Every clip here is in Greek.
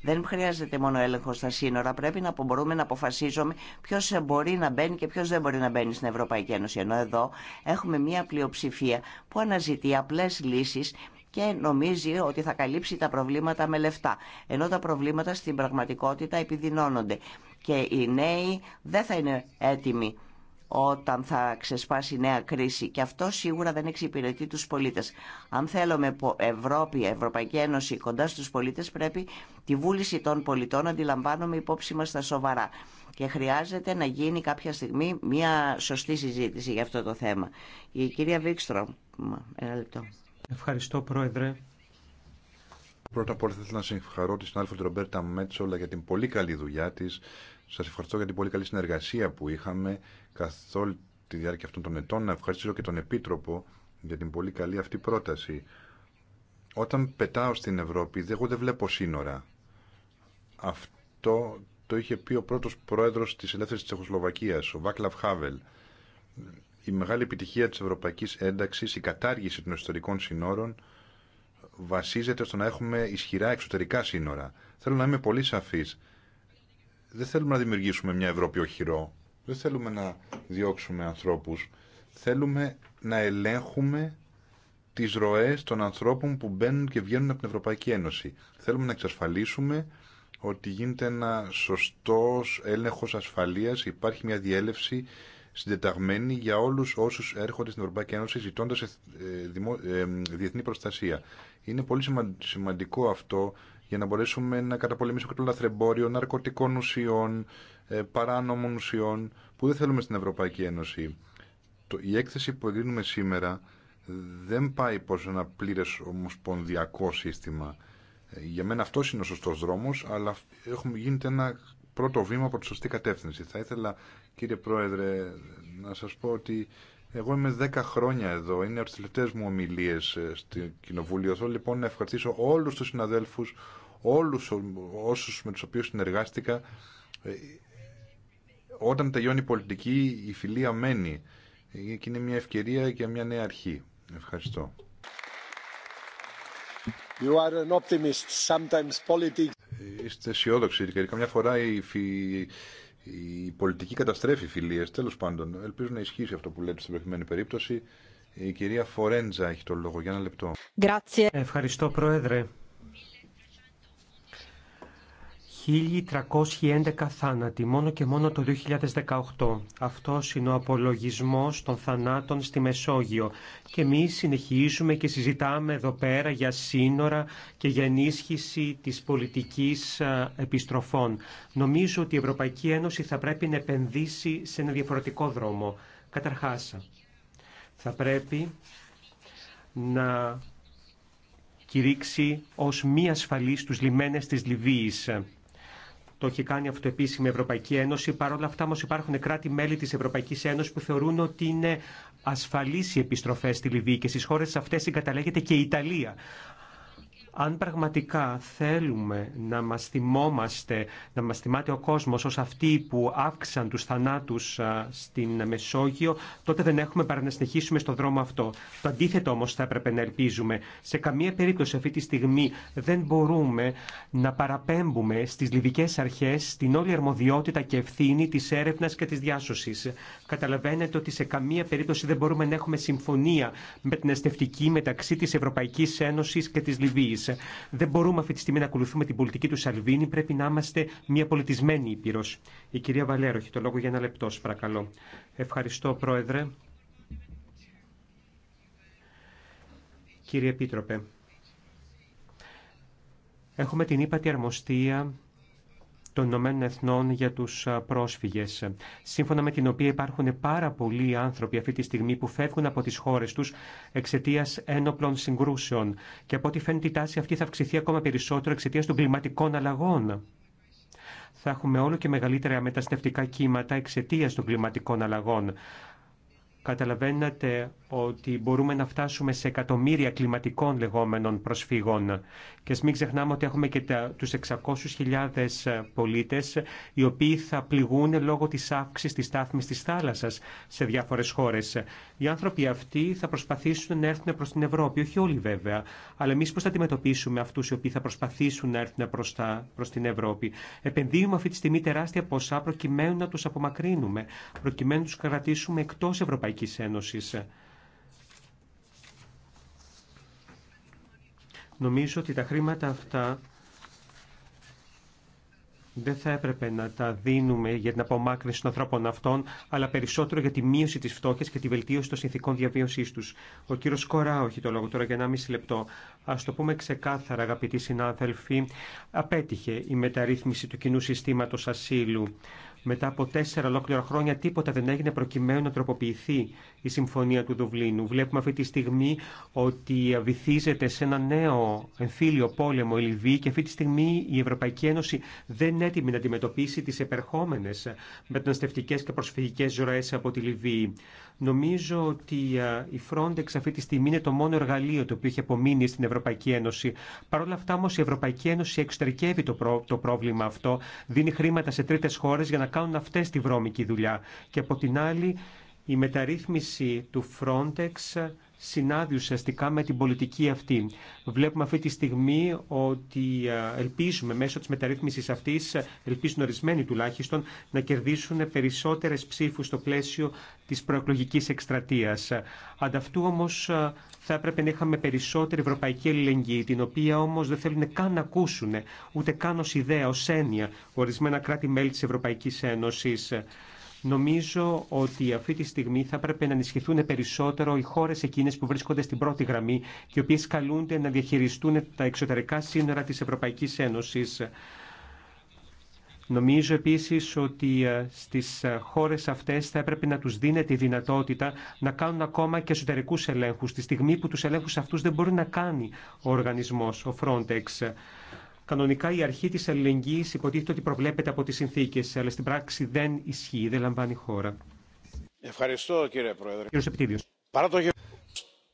Δεν χρειάζεται μόνο έλεγχο στα σύνορα. Πρέπει να μπορούμε να αποφασίζουμε ποιο μπορεί να μπαίνει και ποιο δεν μπορεί να μπαίνει στην Ευρωπαϊκή Ένωση. Ενώ εδώ έχουμε μια πλειοψηφία που αναζητεί απλέ λύσει και νομίζει ότι θα καλύψει τα προβλήματα με λεφτά. Ενώ τα προβλήματα στην πραγματικότητα επιδεινώνονται. Και οι νέοι δεν θα είναι έτοιμοι όταν θα ξεσπάσει νέα κρίση και αυτό σίγουρα δεν εξυπηρετεί τους πολίτες. Αν θέλουμε Ευρώπη, Ευρωπαϊκή Ένωση κοντά στους πολίτες πρέπει τη βούληση των πολιτών να αντιλαμβάνουμε υπόψη μας στα σοβαρά και χρειάζεται να γίνει κάποια στιγμή μια σωστή συζήτηση για αυτό το θέμα. Η κυρία Βίξτρο, ένα λεπτό. Ευχαριστώ Πρόεδρε. Πρώτα απ' όλα ήθελα να συγχαρώ τη συνάδελφο την Ρομπέρτα Μέτσολα για την πολύ καλή δουλειά της. Σα ευχαριστώ για την πολύ καλή συνεργασία που είχαμε καθ' όλη τη διάρκεια αυτών των ετών. Να ευχαριστήσω και τον Επίτροπο για την πολύ καλή αυτή πρόταση. Όταν πετάω στην Ευρώπη, εγώ δεν βλέπω σύνορα. Αυτό το είχε πει ο πρώτος πρόεδρος της ελεύθερης Τσεχοσλοβακίας, ο Βάκλαβ Χάβελ. Η μεγάλη επιτυχία της ευρωπαϊκής ένταξης, η κατάργηση των εσωτερικών σύνορων, βασίζεται στο να έχουμε ισχυρά εξωτερικά σύνορα. Θέλω να είμαι πολύ σαφής. Δεν θέλουμε να δημιουργήσουμε μια Ευρώπη οχυρό. Δεν θέλουμε να διώξουμε ανθρώπους. Θέλουμε να ελέγχουμε τις ροές των ανθρώπων που μπαίνουν και βγαίνουν από την Ευρωπαϊκή Ένωση. Θέλουμε να εξασφαλίσουμε ότι γίνεται ένα σωστός έλεγχος ασφαλείας, υπάρχει μια διέλευση συντεταγμένη για όλους όσους έρχονται στην Ευρωπαϊκή Ένωση ζητώντα ε, ε, διεθνή προστασία. Είναι πολύ σημαντικό αυτό για να μπορέσουμε να καταπολεμήσουμε το λαθρεμπόριο ναρκωτικών ουσιών, ε, παράνομων ουσιών που δεν θέλουμε στην Ευρωπαϊκή Ένωση. Η έκθεση που εγκρίνουμε σήμερα δεν πάει προς ένα πλήρες ομοσπονδιακό σύστημα. Ε, για μένα αυτό είναι ο σωστός δρόμος, αλλά έχουμε γίνεται ένα πρώτο βήμα από τη σωστή κατεύθυνση. Θα ήθελα, κύριε Πρόεδρε, να σας πω ότι εγώ είμαι 10 χρόνια εδώ. Είναι από τι τελευταίε μου ομιλίες ε, στο Κοινοβούλιο. Θέλω λοιπόν να ευχαριστήσω όλους τους συναδέλφους, όλους όσους με τους οποίους συνεργάστηκα όταν τελειώνει η πολιτική η φιλία μένει και είναι μια ευκαιρία για μια νέα αρχή. Ευχαριστώ. Είστε αισιόδοξοι και καμιά φορά η, πολιτική καταστρέφει φιλίε τέλο πάντων, ελπίζω να ισχύσει αυτό που λέτε στην προηγουμένη περίπτωση. Η κυρία Φορέντζα έχει το λόγο. Για ένα λεπτό. Ευχαριστώ, Πρόεδρε. 1.311 θάνατοι μόνο και μόνο το 2018. Αυτός είναι ο απολογισμός των θανάτων στη Μεσόγειο. Και εμεί συνεχίζουμε και συζητάμε εδώ πέρα για σύνορα και για ενίσχυση της πολιτικής επιστροφών. Νομίζω ότι η Ευρωπαϊκή Ένωση θα πρέπει να επενδύσει σε ένα διαφορετικό δρόμο. Καταρχάς, θα πρέπει να κηρύξει ως μη ασφαλής τους λιμένες της Λιβύης. Το έχει κάνει αυτό επίσημη η Ευρωπαϊκή Ένωση. Παρ' όλα αυτά όμω υπάρχουν κράτη-μέλη τη Ευρωπαϊκή Ένωση που θεωρούν ότι είναι ασφαλεί οι επιστροφέ στη Λιβύη και στι χώρε αυτέ συγκαταλέγεται και η Ιταλία αν πραγματικά θέλουμε να μας θυμόμαστε, να μας θυμάται ο κόσμος ως αυτοί που αύξαν τους θανάτους στην Μεσόγειο, τότε δεν έχουμε παρά να συνεχίσουμε στο δρόμο αυτό. Το αντίθετο όμως θα έπρεπε να ελπίζουμε. Σε καμία περίπτωση αυτή τη στιγμή δεν μπορούμε να παραπέμπουμε στις λιβικές αρχές την όλη αρμοδιότητα και ευθύνη της έρευνας και της διάσωσης. Καταλαβαίνετε ότι σε καμία περίπτωση δεν μπορούμε να έχουμε συμφωνία με την αστευτική μεταξύ της Ευρωπαϊκής Ένωσης και της Λιβύης. Ε, δεν μπορούμε αυτή τη στιγμή να ακολουθούμε την πολιτική του Σαλβίνη. Πρέπει να είμαστε μια πολιτισμένη ήπειρο. Η κυρία Βαλέρο έχει το λόγο για ένα λεπτό, παρακαλώ. Ευχαριστώ, Πρόεδρε. Κύριε Επίτροπε, έχουμε την ύπατη αρμοστία των Ηνωμένων Εθνών για τους πρόσφυγες, σύμφωνα με την οποία υπάρχουν πάρα πολλοί άνθρωποι αυτή τη στιγμή που φεύγουν από τις χώρες τους εξαιτία ένοπλων συγκρούσεων και από ό,τι φαίνεται η τάση αυτή θα αυξηθεί ακόμα περισσότερο εξαιτία των κλιματικών αλλαγών. Θα έχουμε όλο και μεγαλύτερα μεταστευτικά κύματα εξαιτία των κλιματικών αλλαγών. Καταλαβαίνετε ότι μπορούμε να φτάσουμε σε εκατομμύρια κλιματικών λεγόμενων προσφύγων. Και μην ξεχνάμε ότι έχουμε και τους 600.000 ε, πολίτες οι οποίοι θα πληγούν λόγω της αύξησης της στάθμης της θάλασσας σε διάφορες χώρες. Οι άνθρωποι αυτοί θα προσπαθήσουν να έρθουν προς την Ευρώπη, όχι όλοι βέβαια, αλλά εμείς πώς θα αντιμετωπίσουμε αυτούς οι οποίοι θα προσπαθήσουν να έρθουν προς, την Ευρώπη. Επενδύουμε αυτή τη στιγμή τεράστια ποσά προκειμένου να τους απομακρύνουμε, προκειμένου να κρατήσουμε εκτός Ευρωπαϊκής Ένωσης. Νομίζω ότι τα χρήματα αυτά δεν θα έπρεπε να τα δίνουμε για την απομάκρυνση των ανθρώπων αυτών, αλλά περισσότερο για τη μείωση τη φτώχεια και τη βελτίωση των συνθηκών διαβίωσή του. Ο κύριο Κορά, όχι το λόγο τώρα για μισή λεπτό. Α το πούμε ξεκάθαρα, αγαπητοί συνάδελφοι, απέτυχε η μεταρρύθμιση του κοινού συστήματο ασύλου. Μετά από τέσσερα ολόκληρα χρόνια τίποτα δεν έγινε προκειμένου να τροποποιηθεί η Συμφωνία του Δουβλίνου. Βλέπουμε αυτή τη στιγμή ότι βυθίζεται σε ένα νέο εμφύλιο πόλεμο η Λιβύη και αυτή τη στιγμή η Ευρωπαϊκή Ένωση δεν είναι έτοιμη να αντιμετωπίσει τι επερχόμενε μεταναστευτικέ και προσφυγικέ ζωέ από τη Λιβύη. Νομίζω ότι η Frontex αυτή τη στιγμή είναι το μόνο εργαλείο το οποίο έχει απομείνει στην Ευρωπαϊκή Ένωση. Παρ' όλα αυτά όμω η Ευρωπαϊκή Ένωση εξωτερικεύει το, το πρόβλημα αυτό, δίνει χρήματα σε τρίτε χώρε για να κάνουν αυτέ τη βρώμικη δουλειά. Και από την άλλη η μεταρρύθμιση του Frontex συνάδει ουσιαστικά με την πολιτική αυτή. Βλέπουμε αυτή τη στιγμή ότι ε, ελπίζουμε μέσω της μεταρρύθμισης αυτής, ε, ελπίζουν ορισμένοι τουλάχιστον, να κερδίσουν περισσότερες ψήφους στο πλαίσιο της προεκλογικής εκστρατείας. Ανταυτού όμως ε, θα έπρεπε να είχαμε περισσότερη ευρωπαϊκή ελληνική, την οποία όμως δεν θέλουν καν να ακούσουν, ούτε καν ως ιδέα, ως έννοια, ορισμένα κράτη-μέλη της Ευρωπαϊκής Ένωσης. Νομίζω ότι αυτή τη στιγμή θα πρέπει να ενισχυθούν περισσότερο οι χώρε εκείνε που βρίσκονται στην πρώτη γραμμή και οι οποίε καλούνται να διαχειριστούν τα εξωτερικά σύνορα τη Ευρωπαϊκή Ένωση. Νομίζω επίσης ότι ε, στις ε, χώρες αυτές θα έπρεπε να τους δίνεται η δυνατότητα να κάνουν ακόμα και εσωτερικούς ελέγχους, τη στιγμή που τους ελέγχους αυτούς δεν μπορεί να κάνει ο οργανισμός, ο Frontex. Κανονικά η αρχή τη αλληλεγγύη υποτίθεται ότι προβλέπεται από τι συνθήκε, αλλά στην πράξη δεν ισχύει, δεν λαμβάνει χώρα. Ευχαριστώ κύριε Πρόεδρε. Κύριος Παρά το γεγονό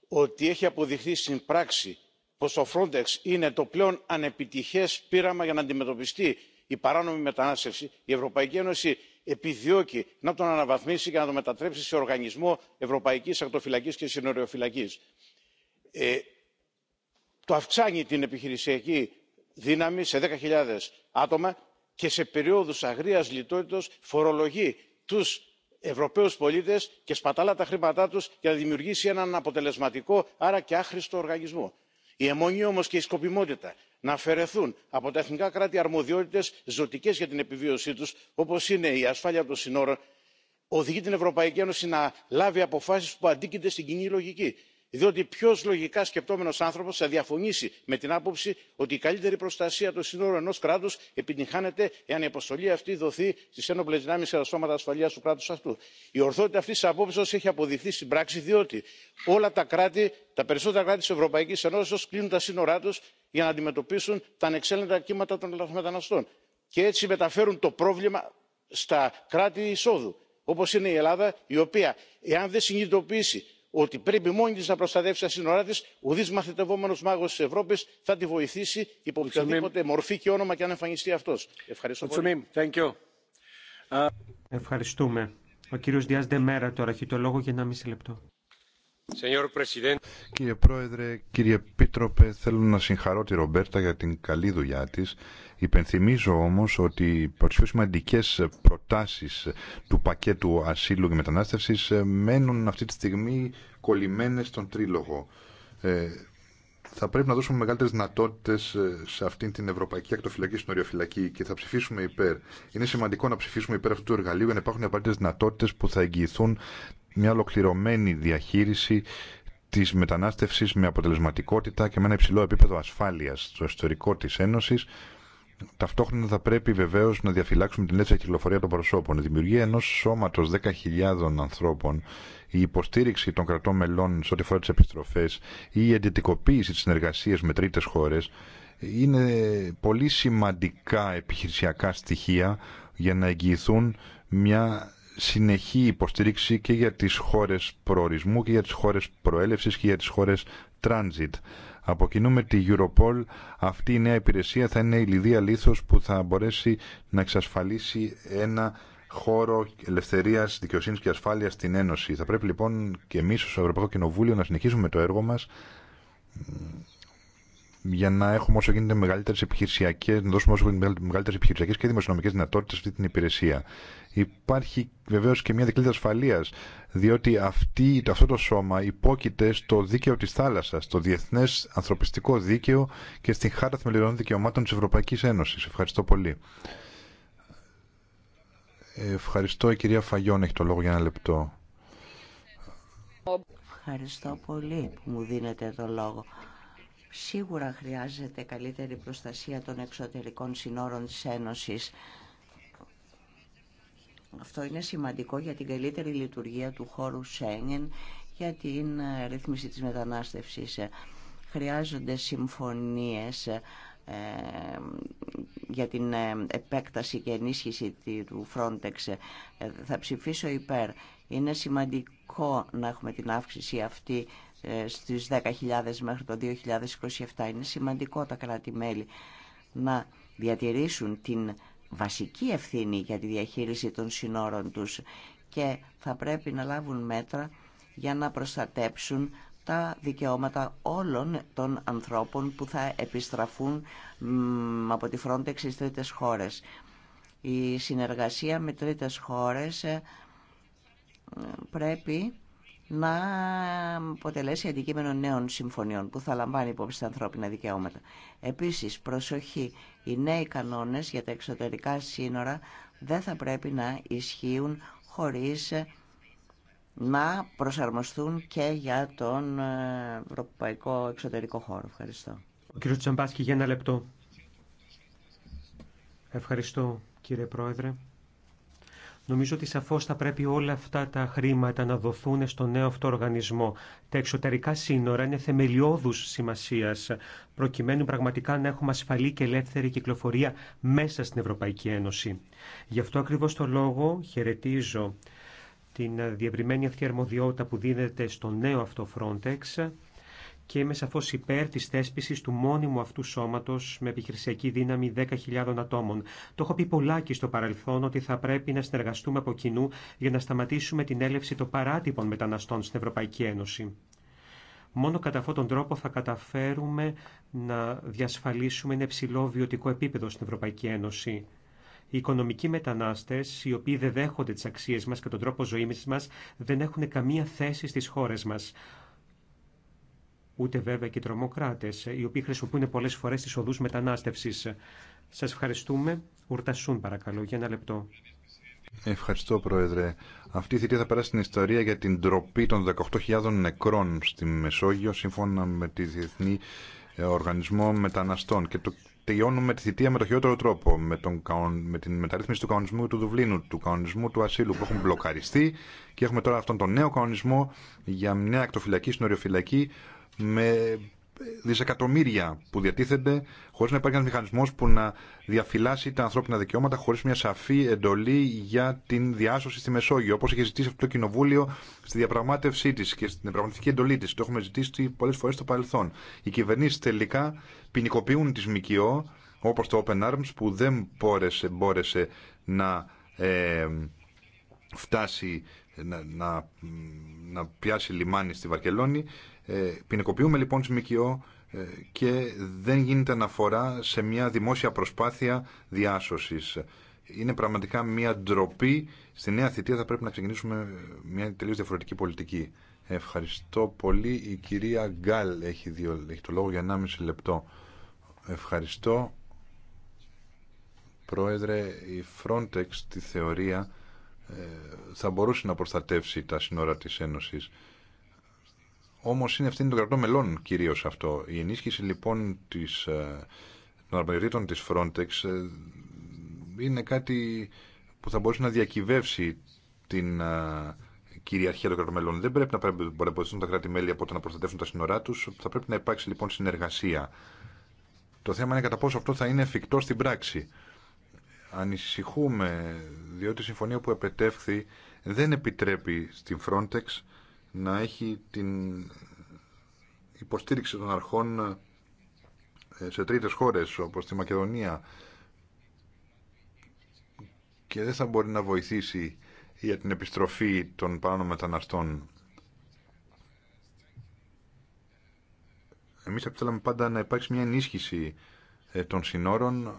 ότι έχει αποδειχθεί στην πράξη πω το Frontex είναι το πλέον ανεπιτυχέ πείραμα για να αντιμετωπιστεί η παράνομη μετανάστευση, η Ευρωπαϊκή Ένωση επιδιώκει να τον αναβαθμίσει και να τον μετατρέψει σε οργανισμό Ευρωπαϊκή Ακτοφυλακή και συνοριοφυλακή. Ε, το αυξάνει την επιχειρησιακή δύναμη σε δέκα χιλιάδε άτομα και σε περιόδους αγρίας λιτότητα φορολογεί τους ευρωπαίους πολίτες και σπαταλά τα χρήματά τους για να δημιουργήσει έναν αποτελεσματικό άρα και άχρηστο οργανισμό. η αιμονή όμως και η σκοπιμότητα να αφαιρεθούν από τα εθνικά κράτη αρμοδιότητες ζωτικές για την επιβίωσή τους όπω είναι η ασφάλεια των συνόρων οδηγεί την ευρωπαϊκή ένωση να λάβει αποφάσει που αντίκειται στην κοινή λογική διότι ποιο λογικά σκεπτόμενο άνθρωπο θα διαφωνήσει με την άποψη ότι η καλύτερη προστασία των συνόρων ενό κράτου επιτυγχάνεται εάν η αποστολή αυτή δοθεί στι ένοπλε δυνάμει και τα σώματα ασφαλεία του κράτου αυτού. η ορθότητα αυτή τη απόψεω έχει αποδειχθεί στην πράξη διότι όλα τα κράτη τα περισσότερα κράτη τη ευρωπαϊκή ενώσεω κλείνουν τα σύνορά του για να αντιμετωπίσουν τα ανεξέλεγκτα κύματα των λαθρομεταναστών και έτσι μεταφέρουν το πρόβλημα στα κράτη εισόδου όπω είναι η ελλάδα η οποία εάν δεν συνειδητοποιήσει ότι πρέπει μόνη της να προστατεύσει τα σύνορά της ουδής μαθητευόμενος μάγος της ευρώπης θα τη βοηθήσει υπό οποιαδήποτε μορφή και όνομα και αν εμφανιστεί αυτός. Ευχαριστώ πολύ. Ευχαριστούμε. Ο κύριος Διάς Δεμέρα τώρα έχει το λόγο για ένα μισή λεπτό. Κύριε Πρόεδρε, κύριε Πίτροπε, θέλω να συγχαρώ τη Ρομπέρτα για την καλή δουλειά της. Υπενθυμίζω όμως ότι οι πιο σημαντικέ προτάσεις του πακέτου ασύλου και μετανάστευσης ε, μένουν αυτή τη στιγμή κολλημένες στον τρίλογο. Ε, θα πρέπει να δώσουμε μεγαλύτερες δυνατότητε ε, σε αυτήν την Ευρωπαϊκή Ακτοφυλακή στην Οριοφυλακή και θα ψηφίσουμε υπέρ. Είναι σημαντικό να ψηφίσουμε υπέρ αυτού του εργαλείου για να υπάρχουν απαραίτητε δυνατότητε που θα εγγυηθούν μια ολοκληρωμένη διαχείριση τη μετανάστευση με αποτελεσματικότητα και με ένα υψηλό επίπεδο ασφάλεια στο ιστορικό τη Ένωση, Ταυτόχρονα θα πρέπει βεβαίω να διαφυλάξουμε την έτσι κυκλοφορία των προσώπων. Η δημιουργία ενό σώματο 10.000 ανθρώπων, η υποστήριξη των κρατών μελών σε ό,τι αφορά τι επιστροφές ή η εντετικοποίηση τη συνεργασία με τρίτες χώρε είναι πολύ σημαντικά επιχειρησιακά στοιχεία για να εγγυηθούν μια συνεχή υποστήριξη και για τις χώρες προορισμού και για τις χώρες προέλευσης και για τις χώρες transit. Από κοινού τη Europol αυτή η νέα υπηρεσία θα είναι η λιδία λίθος που θα μπορέσει να εξασφαλίσει ένα χώρο ελευθερίας, δικαιοσύνης και ασφάλειας στην Ένωση. Θα πρέπει λοιπόν και εμείς ως Ευρωπαϊκό Κοινοβούλιο να συνεχίσουμε το έργο μας για να έχουμε όσο γίνεται μεγαλύτερε επιχειρησιακέ, να δώσουμε όσο γίνεται μεγαλύτερε επιχειρησιακέ και δημοσιονομικέ δυνατότητε σε αυτή την υπηρεσία. Υπάρχει βεβαίω και μια δικλίδα ασφαλεία, διότι αυτή, αυτό το σώμα υπόκειται στο δίκαιο τη θάλασσα, στο διεθνέ ανθρωπιστικό δίκαιο και στην Χάρτα Θεμελιωδών Δικαιωμάτων τη Ευρωπαϊκή Ένωση. Ευχαριστώ πολύ. Ευχαριστώ. Η κυρία Φαγιών έχει το λόγο για ένα λεπτό. Ευχαριστώ πολύ που μου δίνετε το λόγο. Σίγουρα χρειάζεται καλύτερη προστασία των εξωτερικών συνόρων της Ένωσης. Αυτό είναι σημαντικό για την καλύτερη λειτουργία του χώρου Σέγγεν, για την ε, ρύθμιση της μετανάστευσης. Χρειάζονται συμφωνίες ε, για την ε, επέκταση και ενίσχυση του Frontex. Θα ψηφίσω υπέρ. Είναι σημαντικό να έχουμε την αύξηση αυτή ε, στις 10.000 μέχρι το 2027. Είναι σημαντικό τα κράτη-μέλη να διατηρήσουν την βασική ευθύνη για τη διαχείριση των συνόρων τους και θα πρέπει να λάβουν μέτρα για να προστατέψουν τα δικαιώματα όλων των ανθρώπων που θα επιστραφούν από τη Frontex στις τρίτες χώρες. Η συνεργασία με τρίτες χώρες ε, πρέπει να αποτελέσει αντικείμενο νέων συμφωνιών που θα λαμβάνει υπόψη τα ανθρώπινα δικαιώματα. Επίσης, προσοχή, οι νέοι κανόνες για τα εξωτερικά σύνορα δεν θα πρέπει να ισχύουν χωρίς να προσαρμοστούν και για τον ε, ευρωπαϊκό εξωτερικό χώρο. Ευχαριστώ. Ο Τσαμπάσκη για ένα λεπτό. Ευχαριστώ κύριε Πρόεδρε. Νομίζω ότι σαφώς θα πρέπει όλα αυτά τα χρήματα να δοθούν στο νέο αυτό οργανισμό. Τα εξωτερικά σύνορα είναι θεμελιώδους σημασίας, προκειμένου πραγματικά να έχουμε ασφαλή και ελεύθερη κυκλοφορία μέσα στην Ευρωπαϊκή Ένωση. Γι' αυτό ακριβώς το λόγο χαιρετίζω την διευρυμένη αυτή αρμοδιότητα που δίνεται στο νέο αυτό Frontex, και είμαι σαφώ υπέρ τη θέσπιση του μόνιμου αυτού σώματο με επιχειρησιακή δύναμη 10.000 ατόμων. Το έχω πει πολλάκι στο παρελθόν ότι θα πρέπει να συνεργαστούμε από κοινού για να σταματήσουμε την έλευση των παράτυπων μεταναστών στην Ευρωπαϊκή Ένωση. Μόνο κατά αυτόν τον τρόπο θα καταφέρουμε να διασφαλίσουμε ένα υψηλό βιωτικό επίπεδο στην Ευρωπαϊκή Ένωση. Οι οικονομικοί μετανάστε, οι οποίοι δεν δέχονται τι αξίε μα και τον τρόπο ζωή μα, δεν έχουν καμία θέση στι χώρε μα ούτε βέβαια και οι τρομοκράτες, ε, οι οποίοι χρησιμοποιούν πολλέ φορέ τις οδού μετανάστευση. Σα ευχαριστούμε. Ουρτασούν παρακαλώ για ένα λεπτό. Ευχαριστώ Πρόεδρε. Αυτή η θητεία θα περάσει στην ιστορία για την ντροπή των 18.000 νεκρών στη Μεσόγειο σύμφωνα με τη Διεθνή ε, Οργανισμό Μεταναστών και το τελειώνουμε τη θητεία με το χειρότερο τρόπο με, τον, με την μεταρρύθμιση του κανονισμού του Δουβλίνου, του κανονισμού του ασύλου που έχουν μπλοκαριστεί και έχουμε τώρα αυτόν τον νέο κανονισμό για μια ακτοφυλακή στην με δισεκατομμύρια που διατίθενται χωρίς να υπάρχει ένας μηχανισμός που να διαφυλάσει τα ανθρώπινα δικαιώματα χωρίς μια σαφή εντολή για την διάσωση στη Μεσόγειο όπως έχει ζητήσει αυτό το κοινοβούλιο στη διαπραγμάτευσή της και στην πραγματική εντολή της το έχουμε ζητήσει πολλές φορές στο παρελθόν οι κυβερνήσει τελικά ποινικοποιούν τις ΜΚΟ όπως το Open Arms που δεν μπόρεσε, μπόρεσε να ε, φτάσει να, να, να πιάσει λιμάνι στη Βαρκελόνη ε, ποινικοποιούμε λοιπόν τις ΜΚΟ ε, και δεν γίνεται αναφορά σε μια δημόσια προσπάθεια διάσωσης. Είναι πραγματικά μια ντροπή. Στη νέα θητεία θα πρέπει να ξεκινήσουμε μια τελείως διαφορετική πολιτική. Ευχαριστώ πολύ. Η κυρία Γκάλ έχει, δύο, έχει το λόγο για 1,5 λεπτό. Ευχαριστώ. Πρόεδρε, η Frontex τη θεωρία ε, θα μπορούσε να προστατεύσει τα σύνορα της Ένωσης όμως είναι ευθύνη των κρατών μελών κυρίως αυτό. Η ενίσχυση λοιπόν της, ε, των αρμοδιοτήτων της Frontex ε, είναι κάτι που θα μπορούσε να διακυβεύσει την ε, κυριαρχία των κρατών μελών. Δεν πρέπει να παρεμποδιστούν τα κράτη-μέλη από το να προστατεύσουν τα σύνορά τους. Θα πρέπει να υπάρξει λοιπόν συνεργασία. Το θέμα είναι κατά πόσο αυτό θα είναι εφικτό στην πράξη. Ανησυχούμε, διότι η συμφωνία που επετεύχθη δεν επιτρέπει στην Frontex να έχει την υποστήριξη των αρχών ε, σε τρίτες χώρες όπως τη Μακεδονία και δεν θα μπορεί να βοηθήσει για την επιστροφή των πάνω μεταναστών. Εμείς θέλαμε πάντα να υπάρξει μια ενίσχυση ε, των συνόρων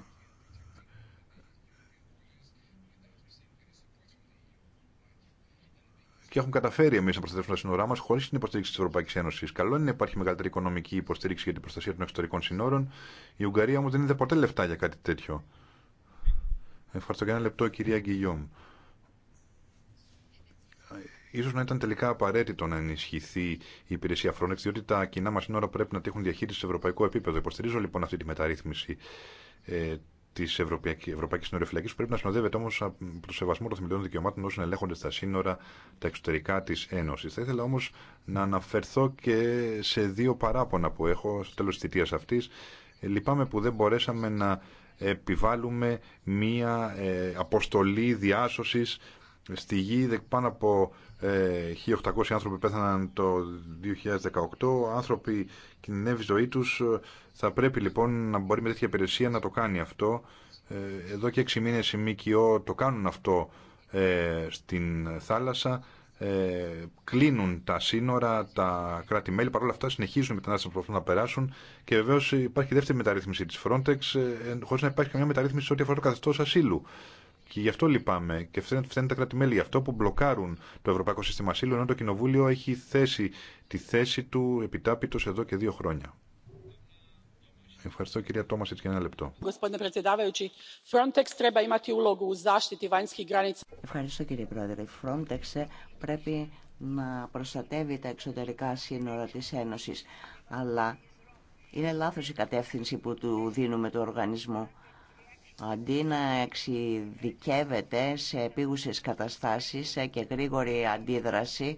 και έχουμε καταφέρει εμεί να προστατεύσουμε τα σύνορά μα χωρί την υποστήριξη τη Ευρωπαϊκή Ένωση. Καλό είναι να υπάρχει μεγαλύτερη οικονομική υποστήριξη για την προστασία των εξωτερικών συνόρων. Η Ουγγαρία όμω δεν είδε ποτέ λεφτά για κάτι τέτοιο. Ευχαριστώ για ένα λεπτό, κυρία Γκυλιόμ. Ίσως να ήταν τελικά απαραίτητο να ενισχυθεί η υπηρεσία Frontex, διότι τα κοινά μα σύνορα πρέπει να τύχουν διαχείριση σε ευρωπαϊκό επίπεδο. Υποστηρίζω λοιπόν αυτή τη μεταρρύθμιση ε, τη Ευρωπαϊκή, Ευρωπαϊκή που πρέπει να συνοδεύεται όμω από το σεβασμό των θεμελιών δικαιωμάτων όσων ελέγχονται στα σύνορα, τα εξωτερικά τη Ένωση. Θα ήθελα όμω να αναφερθώ και σε δύο παράπονα που έχω στο τέλο τη θητεία αυτή. Ε, λυπάμαι που δεν μπορέσαμε να επιβάλλουμε μία ε, αποστολή διάσωση. Στη γη πάνω από 1.800 ε, άνθρωποι πέθαναν το 2018. Άνθρωποι κινδυνεύει ζωή τους. Θα πρέπει λοιπόν να μπορεί με τέτοια υπηρεσία να το κάνει αυτό. Ε, εδώ και 6 μήνες οι ΜΚΟ το κάνουν αυτό ε, στην θάλασσα. Ε, κλείνουν τα σύνορα, τα κράτη-μέλη. παρόλα αυτά συνεχίζουν οι την να να περάσουν και βεβαίως υπάρχει δεύτερη μεταρρύθμιση της Frontex, ε, χωρί να υπάρχει καμιά μεταρρύθμιση σε ό,τι αφορά το καθεστώ ασύλου. Και γι' αυτό λυπάμαι και φταίνουν τα κράτη-μέλη. Γι' αυτό που μπλοκάρουν το Ευρωπαϊκό Σύστημα Ασύλου, ενώ το Κοινοβούλιο έχει θέσει τη θέση του επιτάπητο εδώ και δύο χρόνια. Ευχαριστώ κυρία Τόμας, για και ένα λεπτό. Ευχαριστώ κύριε Πρόεδρε. Η Frontex πρέπει να προστατεύει τα εξωτερικά σύνορα της Ένωσης. Αλλά είναι λάθος η κατεύθυνση που του δίνουμε το οργανισμό αντί να εξειδικεύεται σε επίγουσες καταστάσεις ε, και γρήγορη αντίδραση,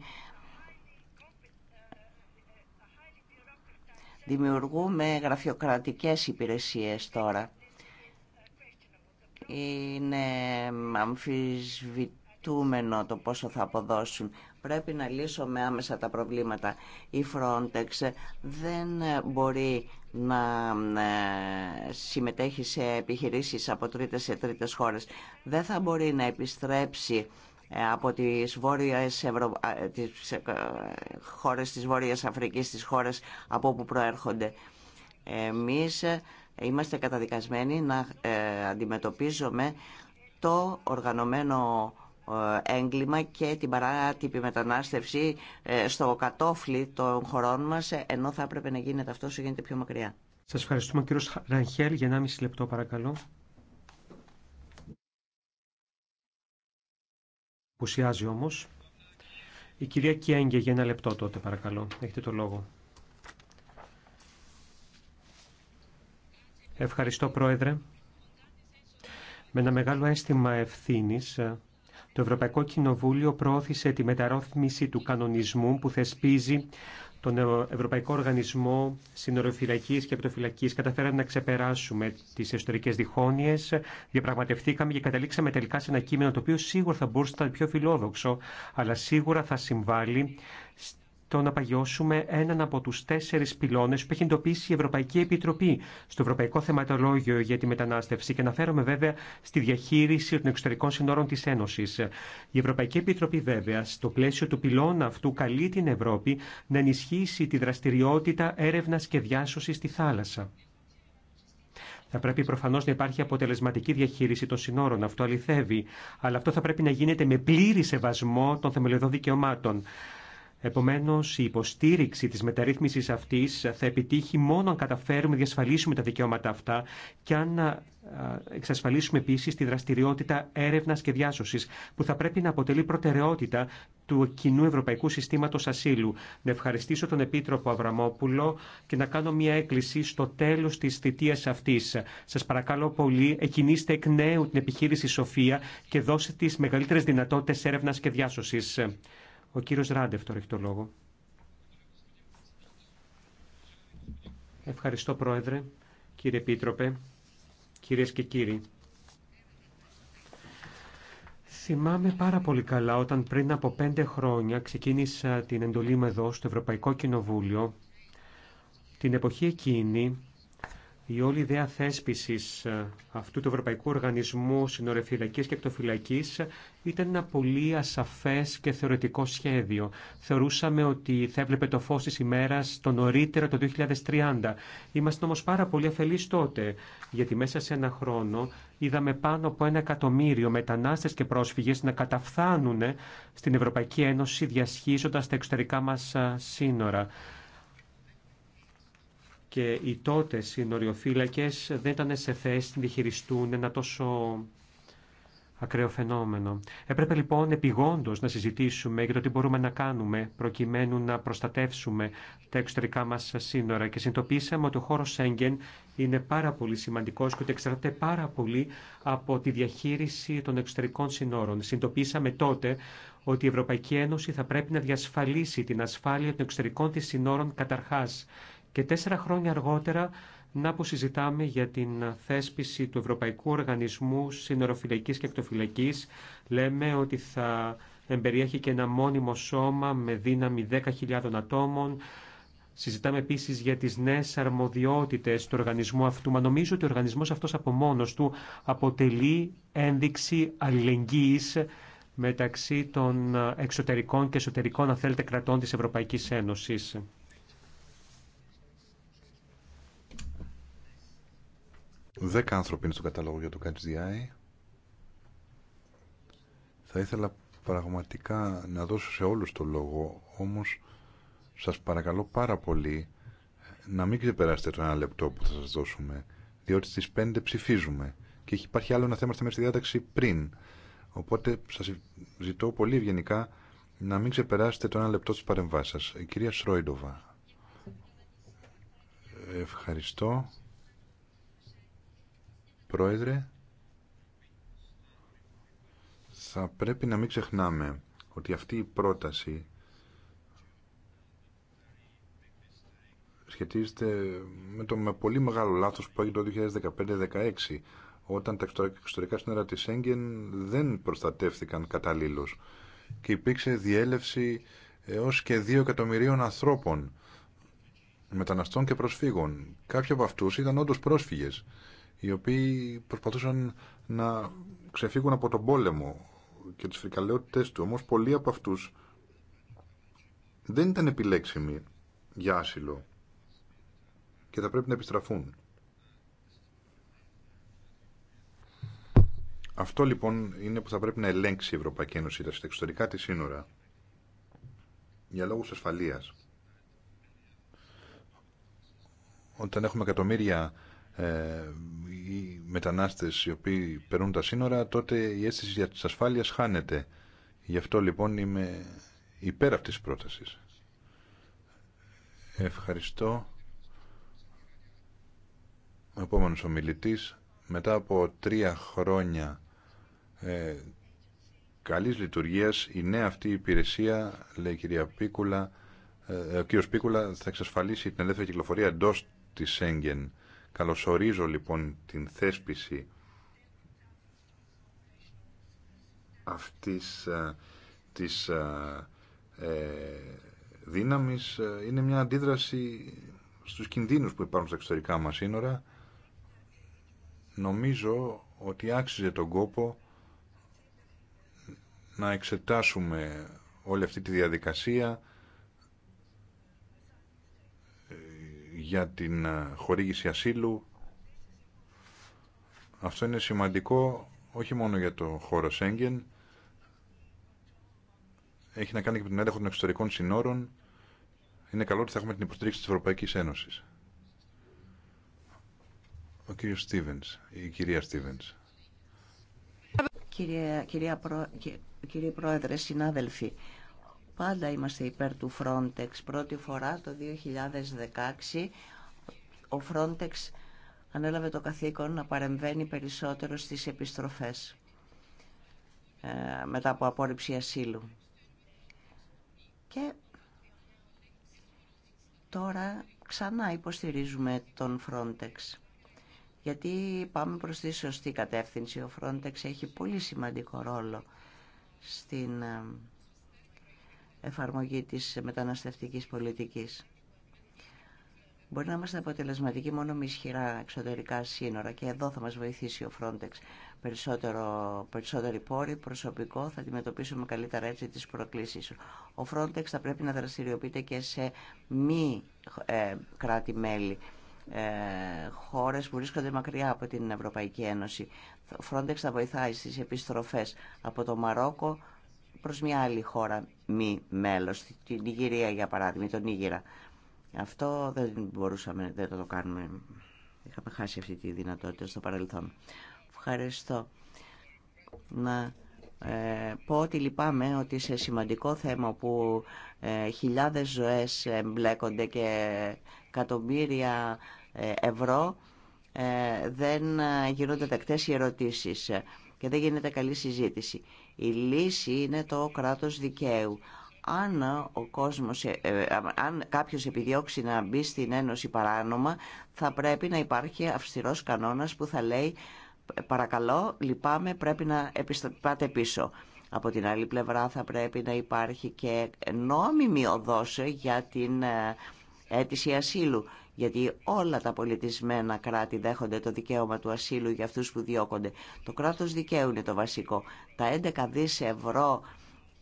δημιουργούμε γραφειοκρατικές υπηρεσίες τώρα. Είναι αμφισβητούμενο το πόσο θα αποδώσουν. Πρέπει να λύσουμε άμεσα τα προβλήματα. Η Frontex δεν μπορεί να ε, συμμετέχει σε επιχειρήσεις από τρίτες σε τρίτες χώρες. Δεν θα μπορεί να επιστρέψει ε, από τις, βόρειες Ευρω... Ε, τις χώρες της Βόρειας Αφρικής, τις χώρες από όπου προέρχονται. Εμείς είμαστε καταδικασμένοι να αντιμετωπίζουμε το οργανωμένο ε, έγκλημα και την παράτυπη μετανάστευση ε, στο κατόφλι των χωρών μας, ε, ενώ θα έπρεπε να γίνεται αυτό όσο γίνεται πιο μακριά. Σας ευχαριστούμε κύριο Ραγχέλ για 1,5 λεπτό παρακαλώ. Πουσιάζει όμως. Η κυρία Κιέγγε για ένα λεπτό τότε παρακαλώ. Έχετε το λόγο. Ευχαριστώ πρόεδρε. Με ένα μεγάλο αίσθημα ευθύνης το Ευρωπαϊκό Κοινοβούλιο προώθησε τη μεταρρύθμιση του κανονισμού που θεσπίζει τον Ευρωπαϊκό Οργανισμό Συνοριοφυλακή και Ακτοφυλακή. Καταφέραμε να ξεπεράσουμε τι ιστορικέ διχόνοιε, διαπραγματευτήκαμε και καταλήξαμε τελικά σε ένα κείμενο το οποίο σίγουρα θα μπορούσε να ήταν πιο φιλόδοξο, αλλά σίγουρα θα συμβάλλει το να παγιώσουμε έναν από τους τέσσερις πυλώνες που έχει εντοπίσει η Ευρωπαϊκή Επιτροπή στο Ευρωπαϊκό Θεματολόγιο για τη Μετανάστευση και αναφέρομαι βέβαια στη διαχείριση των εξωτερικών συνόρων της Ένωσης. Η Ευρωπαϊκή Επιτροπή βέβαια στο πλαίσιο του πυλώνα αυτού καλεί την Ευρώπη να ενισχύσει τη δραστηριότητα έρευνας και διάσωσης στη θάλασσα. Θα πρέπει προφανώ να υπάρχει αποτελεσματική διαχείριση των συνόρων. Αυτό αληθεύει. Αλλά αυτό θα πρέπει να γίνεται με πλήρη σεβασμό των θεμελιωδών δικαιωμάτων. Επομένω, η υποστήριξη τη μεταρρύθμισης αυτή θα επιτύχει μόνο αν καταφέρουμε να διασφαλίσουμε τα δικαιώματα αυτά και αν εξασφαλίσουμε επίση τη δραστηριότητα έρευνα και διάσωση που θα πρέπει να αποτελεί προτεραιότητα του κοινού Ευρωπαϊκού Συστήματο Ασύλου. Να ευχαριστήσω τον Επίτροπο Αβραμόπουλο και να κάνω μια έκκληση στο τέλο τη θητεία αυτή. Σα παρακαλώ πολύ, εκινήστε εκ νέου την επιχείρηση Σοφία και δώστε τι μεγαλύτερε δυνατότητε έρευνα και διάσωση. Ο κύριος Ράντεφ έχει το λόγο. Ευχαριστώ Πρόεδρε, κύριε Επίτροπε, κυρίες και κύριοι. Θυμάμαι πάρα πολύ καλά όταν πριν από πέντε χρόνια ξεκίνησα την εντολή μου εδώ στο Ευρωπαϊκό Κοινοβούλιο. Την εποχή εκείνη η όλη ιδέα θέσπιση ε, αυτού του Ευρωπαϊκού Οργανισμού Συνορεφυλακής και Εκτοφυλακή ήταν ένα πολύ ασαφέ και θεωρητικό σχέδιο. Θεωρούσαμε ότι θα έβλεπε το φω τη ημέρα το νωρίτερο το 2030. Είμαστε όμω πάρα πολύ αφελεί τότε, γιατί μέσα σε ένα χρόνο είδαμε πάνω από ένα εκατομμύριο μετανάστες και πρόσφυγε να καταφθάνουν στην Ευρωπαϊκή Ένωση διασχίζοντα τα εξωτερικά μα ε, σύνορα και οι τότε συνοριοφύλακες δεν ήταν σε θέση να διχειριστούν ένα τόσο ακραίο φαινόμενο. Έπρεπε λοιπόν επιγόντως να συζητήσουμε για το τι μπορούμε να κάνουμε προκειμένου να προστατεύσουμε τα εξωτερικά μας σύνορα και συνειδητοποίησαμε ότι ο χώρο Σέγγεν είναι πάρα πολύ σημαντικός και ότι εξαρτάται πάρα πολύ από τη διαχείριση των εξωτερικών σύνορων. Συνειδητοποίησαμε τότε ότι η Ευρωπαϊκή Ένωση θα πρέπει να διασφαλίσει την ασφάλεια των εξωτερικών της σύνορων καταρχάς και τέσσερα χρόνια αργότερα να που συζητάμε για την θέσπιση του Ευρωπαϊκού Οργανισμού Συνοροφυλακής και Εκτοφυλακής. Λέμε ότι θα εμπεριέχει και ένα μόνιμο σώμα με δύναμη 10.000 ατόμων. Συζητάμε επίση για τι νέε αρμοδιότητε του οργανισμού αυτού. Μα νομίζω ότι ο οργανισμό αυτό από μόνο του αποτελεί ένδειξη αλληλεγγύη μεταξύ των εξωτερικών και εσωτερικών, αν θέλετε, κρατών τη Ευρωπαϊκή Ένωση. Δέκα άνθρωποι είναι στο κατάλογο για το Eye. Θα ήθελα πραγματικά να δώσω σε όλους το λόγο, όμως σας παρακαλώ πάρα πολύ να μην ξεπεράσετε το ένα λεπτό που θα σας δώσουμε, διότι στις πέντε ψηφίζουμε και έχει υπάρχει άλλο ένα θέμα στη μέση διάταξη πριν. Οπότε σας ζητώ πολύ ευγενικά να μην ξεπεράσετε το ένα λεπτό της παρεμβάσης Η κυρία Σρόιντοβα. Ευχαριστώ. Πρόεδρε, θα πρέπει να μην ξεχνάμε ότι αυτή η πρόταση σχετίζεται με το με πολύ μεγάλο λάθος που έγινε το 2015-2016 όταν τα εξωτερικά σύνορα της Σέγγεν δεν προστατεύθηκαν καταλήλως και υπήρξε διέλευση έως και 2 εκατομμυρίων ανθρώπων μεταναστών και προσφύγων. Κάποιοι από αυτούς ήταν όντως πρόσφυγες οι οποίοι προσπαθούσαν να ξεφύγουν από τον πόλεμο και τις φρικαλαιότητες του. Όμως πολλοί από αυτούς δεν ήταν επιλέξιμοι για άσυλο και θα πρέπει να επιστραφούν. Αυτό λοιπόν είναι που θα πρέπει να ελέγξει η Ευρωπαϊκή Ένωση τα εξωτερικά τη σύνορα για λόγους ασφαλείας. Όταν έχουμε εκατομμύρια ε, οι μετανάστες οι οποίοι περνούν τα σύνορα, τότε η αίσθηση της ασφάλειας χάνεται. Γι' αυτό λοιπόν είμαι υπέρ αυτής της πρότασης. Ευχαριστώ. Ο επόμενος ομιλητής, μετά από τρία χρόνια ε, καλής λειτουργίας, η νέα αυτή υπηρεσία, λέει κυρία Πίκουλα, ε, ο κύριος Πίκουλα θα εξασφαλίσει την ελεύθερη κυκλοφορία εντό της Σέγγεν Καλωσορίζω λοιπόν την θέσπιση αυτής ε, της ε, ε, δύναμης. Είναι μια αντίδραση στους κινδύνους που υπάρχουν στα εξωτερικά μας σύνορα. Νομίζω ότι άξιζε τον κόπο να εξετάσουμε όλη αυτή τη διαδικασία για την ε, χορήγηση ασύλου. Αυτό είναι σημαντικό όχι μόνο για το χώρο Σέγγεν, έχει να κάνει και με τον έλεγχο των εξωτερικών συνόρων. Είναι καλό ότι θα έχουμε την υποστήριξη της Ευρωπαϊκής Ένωσης. Ο κύριος Στίβενς, η κυρία Στίβενς. Κυρία, κυρία Πρό... Κύριε Πρόεδρε, συνάδελφοι, Πάντα είμαστε υπέρ του Frontex. Πρώτη φορά το 2016 ο Frontex ανέλαβε το καθήκον να παρεμβαίνει περισσότερο στις επιστροφές ε, μετά από απόρριψη ασύλου. Και τώρα ξανά υποστηρίζουμε τον Frontex. Γιατί πάμε προς τη σωστή κατεύθυνση. Ο Frontex έχει πολύ σημαντικό ρόλο στην ε, εφαρμογή της μεταναστευτικής πολιτικής. Μπορεί να είμαστε αποτελεσματικοί μόνο με ισχυρά εξωτερικά σύνορα και εδώ θα μας βοηθήσει ο Frontex. Περισσότερο, περισσότεροι πόροι, προσωπικό, θα αντιμετωπίσουμε καλύτερα έτσι τις προκλήσεις. Ο Frontex θα πρέπει να δραστηριοποιείται και σε μη ε, κράτη-μέλη, ε, χώρες που βρίσκονται μακριά από την Ευρωπαϊκή Ένωση. Ο Frontex θα βοηθάει στις επιστροφές από το Μαρόκο προς μια άλλη χώρα μη μέλος, την Ιγυρία για παράδειγμα, τον Ήγηρα. Αυτό δεν μπορούσαμε, δεν το κάνουμε. Είχαμε χάσει αυτή τη δυνατότητα στο παρελθόν. Ευχαριστώ. Να ε, πω ότι λυπάμαι ότι σε σημαντικό θέμα που ε, χιλιάδες ζωές εμπλέκονται και εκατομμύρια ε, ευρώ ε, δεν ε, γίνονται τακτές οι ερωτήσεις και δεν γίνεται καλή συζήτηση. Η λύση είναι το κράτος δικαίου. Αν, ο κόσμος, ε, ε, αν κάποιος επιδιώξει να μπει στην Ένωση παράνομα, θα πρέπει να υπάρχει αυστηρός κανόνας που θα λέει «Παρακαλώ, λυπάμαι, πρέπει να πάτε πίσω». Από την άλλη πλευρά θα πρέπει να υπάρχει και νόμιμη οδός για την ε, αίτηση ασύλου γιατί όλα τα πολιτισμένα κράτη δέχονται το δικαίωμα του ασύλου για αυτούς που διώκονται. Το κράτος δικαίου είναι το βασικό. Τα 11 δις ευρώ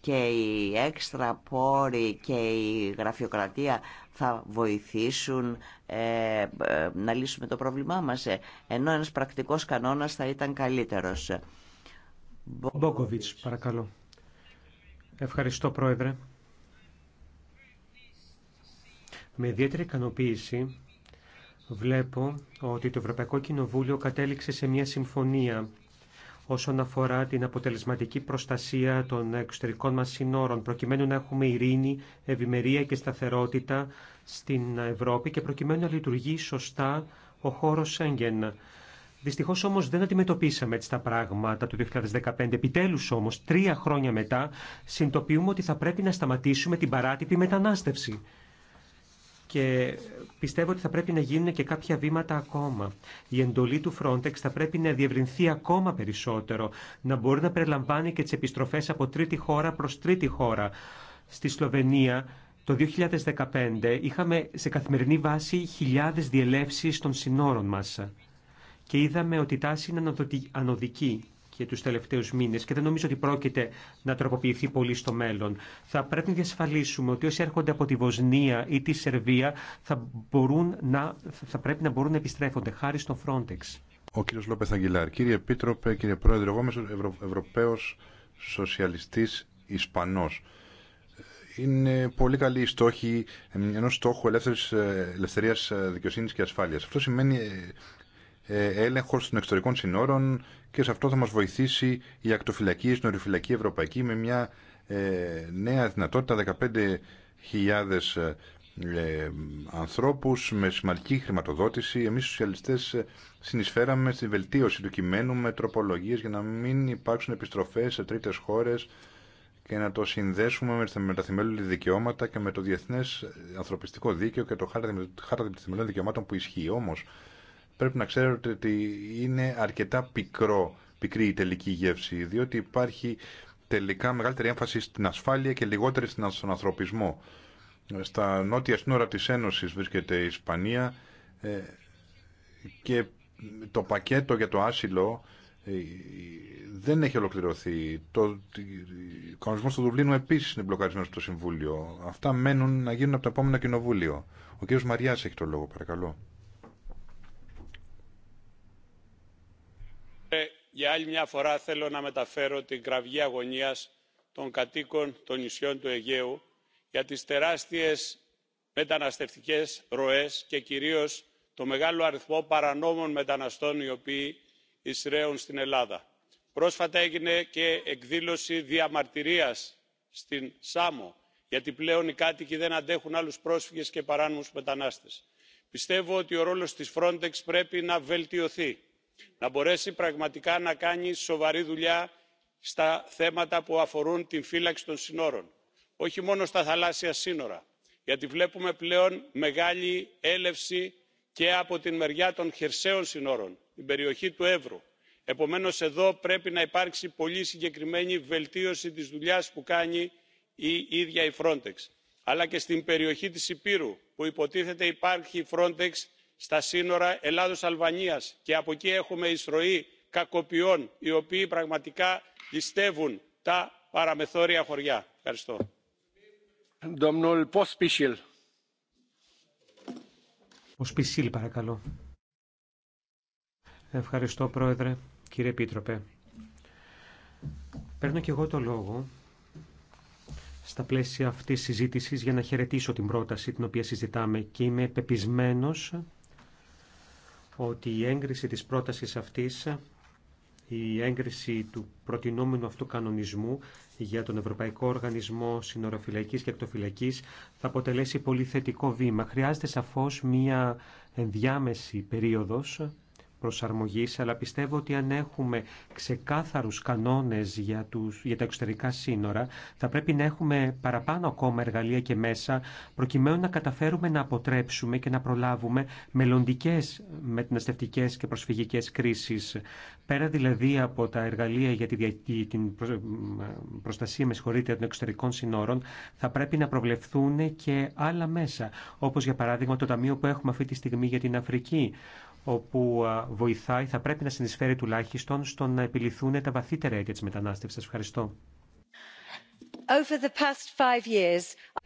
και οι έξτρα πόροι και η γραφειοκρατία θα βοηθήσουν ε, ε, να λύσουμε το πρόβλημά μας, ε, ενώ ένας πρακτικός κανόνας θα ήταν καλύτερος. Μπόκοβιτς, παρακαλώ. Ευχαριστώ, Πρόεδρε. Με ιδιαίτερη ικανοποίηση Βλέπω ότι το Ευρωπαϊκό Κοινοβούλιο κατέληξε σε μια συμφωνία όσον αφορά την αποτελεσματική προστασία των εξωτερικών μας συνόρων, προκειμένου να έχουμε ειρήνη, ευημερία και σταθερότητα στην Ευρώπη και προκειμένου να λειτουργεί σωστά ο χώρος Σέγγεν. Δυστυχώ όμω δεν αντιμετωπίσαμε έτσι τα πράγματα του 2015. Επιτέλου όμω, τρία χρόνια μετά, συνειδητοποιούμε ότι θα πρέπει να σταματήσουμε την παράτυπη μετανάστευση και πιστεύω ότι θα πρέπει να γίνουν και κάποια βήματα ακόμα. Η εντολή του Frontex θα πρέπει να διευρυνθεί ακόμα περισσότερο, να μπορεί να περιλαμβάνει και τις επιστροφές από τρίτη χώρα προς τρίτη χώρα. Στη Σλοβενία το 2015 είχαμε σε καθημερινή βάση χιλιάδες διελεύσεις των συνόρων μας και είδαμε ότι η τάση είναι ανωδική και τους τελευταίους μήνες και δεν νομίζω ότι πρόκειται να τροποποιηθεί πολύ στο μέλλον. Θα πρέπει να διασφαλίσουμε ότι όσοι έρχονται από τη Βοσνία ή τη Σερβία θα, μπορούν να, θα πρέπει να μπορούν να επιστρέφονται χάρη στο Frontex. Ο κύριος Λόπεθ Αγγιλάρ, κύριε Επίτροπε, κύριε Πρόεδρε, εγώ είμαι Ευρω... Ευρωπαίος Σοσιαλιστής Ισπανός. Είναι πολύ καλή η στόχη ενό στόχου ελεύθερης, ελευθερίας δικαιοσύνης και ασφάλειας. Αυτό σημαίνει ε, ε, έλεγχος των εξωτερικών συνόρων, και σε αυτό θα μας βοηθήσει η ακτοφυλακή, η συνοριοφυλακή ευρωπαϊκή με μια ε, νέα δυνατότητα 15.000 ε, ε, ανθρώπους με σημαντική χρηματοδότηση. Εμείς οι σοσιαλιστές ε, συνεισφέραμε στη βελτίωση του κειμένου με τροπολογίες για να μην υπάρξουν επιστροφές σε τρίτες χώρες και να το συνδέσουμε με τα θεμελιώδη δικαιώματα και με το διεθνές ανθρωπιστικό δίκαιο και το χάρτη των θεμελιώδων δικαιωμάτων που ισχύει. Όμως, πρέπει να ξέρετε ότι είναι αρκετά πικρό, πικρή η τελική γεύση, διότι υπάρχει τελικά μεγαλύτερη έμφαση στην ασφάλεια και λιγότερη στον ανθρωπισμό. Στα νότια σύνορα της Ένωσης βρίσκεται η Ισπανία ε, και το πακέτο για το άσυλο ε, δεν έχει ολοκληρωθεί. Το κανονισμό του Δουβλίνου επίσης είναι μπλοκαρισμένος στο Συμβούλιο. Αυτά μένουν να γίνουν από το επόμενο κοινοβούλιο. Ο κ. Μαριάς έχει το λόγο, παρακαλώ. για άλλη μια φορά θέλω να μεταφέρω την κραυγή αγωνίας των κατοίκων των νησιών του αιγαίου για τις τεράστιες μεταναστευτικές ροές και κυρίως το μεγάλο αριθμό παρανόμων μεταναστών οι οποίοι εισραίουν στην ελλάδα. πρόσφατα έγινε και εκδήλωση διαμαρτυρίας στην σάμο γιατί πλέον οι κάτοικοι δεν αντέχουν άλλους πρόσφυγες και παράνομους μετανάστες. πιστεύω ότι ο ρόλος της frontex πρέπει να βελτιωθεί να μπορέσει πραγματικά να κάνει σοβαρή δουλειά στα θέματα που αφορούν την φύλαξη των συνόρων όχι μόνο στα θαλάσσια σύνορα γιατί βλέπουμε πλέον μεγάλη έλευση και από τη μεριά των χερσαίων συνόρων την περιοχή του εύρου. επομένως εδώ πρέπει να υπάρξει πολύ συγκεκριμένη βελτίωση της δουλειάς που κάνει η ίδια η frontex αλλά και στην περιοχή της Υπήρου, που υποτίθεται υπάρχει η frontex στα σύνορα ελλάδος αλβανίας και από εκεί έχουμε εισρωή κακοποιών οι οποίοι πραγματικά ληστεύουν τα παραμεθόρια χωριά. ευχαριστώ. Ποσπισίλ, παρακαλώ. Ευχαριστώ πρόεδρε, κύριε Επίτροπε. Παίρνω και εγώ το λόγο στα πλαίσια αυτής της συζήτησης για να χαιρετήσω την πρόταση την οποία συζητάμε και είμαι πεπισμένος ότι η έγκριση της πρότασης αυτής, η έγκριση του προτινόμενου αυτού κανονισμού για τον Ευρωπαϊκό Οργανισμό Συνοροφυλακής και Εκτοφυλακής θα αποτελέσει πολύ θετικό βήμα. Χρειάζεται σαφώς μία ενδιάμεση περίοδος προσαρμογής, αλλά πιστεύω ότι αν έχουμε ξεκάθαρους κανόνες για, τους, για τα εξωτερικά σύνορα, θα πρέπει να έχουμε παραπάνω ακόμα εργαλεία και μέσα, προκειμένου να καταφέρουμε να αποτρέψουμε και να προλάβουμε μελλοντικέ μεταναστευτικές και προσφυγικές κρίσεις. Πέρα δηλαδή από τα εργαλεία για την προστασία με των εξωτερικών σύνορων, θα πρέπει να προβλεφθούν και άλλα μέσα, όπως για παράδειγμα το Ταμείο που έχουμε αυτή τη στιγμή για την Αφρική, όπου βοηθάει, θα πρέπει να συνεισφέρει τουλάχιστον στο να επιληθούν τα βαθύτερα αίτια της μετανάστευσης. Ευχαριστώ.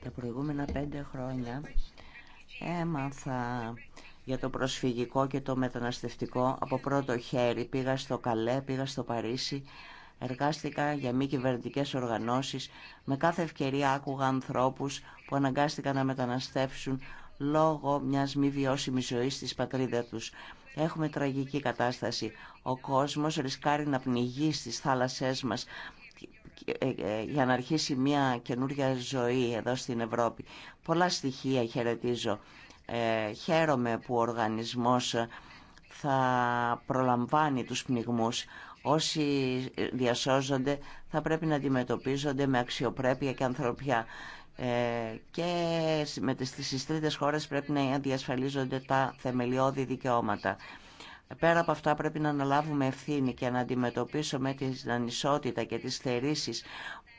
Τα προηγούμενα πέντε χρόνια έμαθα για το προσφυγικό και το μεταναστευτικό από πρώτο χέρι. Πήγα στο Καλέ, πήγα στο Παρίσι, εργάστηκα για μη κυβερνητικέ οργανώσεις. Με κάθε ευκαιρία άκουγα ανθρώπους που αναγκάστηκαν να μεταναστεύσουν λόγω μιας μη βιώσιμης ζωής της πατρίδα τους. Έχουμε τραγική κατάσταση. Ο κόσμος ρισκάρει να πνιγεί στις θάλασσές μας για να αρχίσει μια καινούρια ζωή εδώ στην Ευρώπη. Πολλά στοιχεία χαιρετίζω. Ε, χαίρομαι που ο οργανισμός θα προλαμβάνει τους πνιγμούς. Όσοι διασώζονται θα πρέπει να αντιμετωπίζονται με αξιοπρέπεια και ανθρωπιά. Ε, και με τις τρίτες χώρες πρέπει να διασφαλίζονται τα θεμελιώδη δικαιώματα. Πέρα από αυτά πρέπει να αναλάβουμε ευθύνη και να αντιμετωπίσουμε την ανισότητα και τις θερήσεις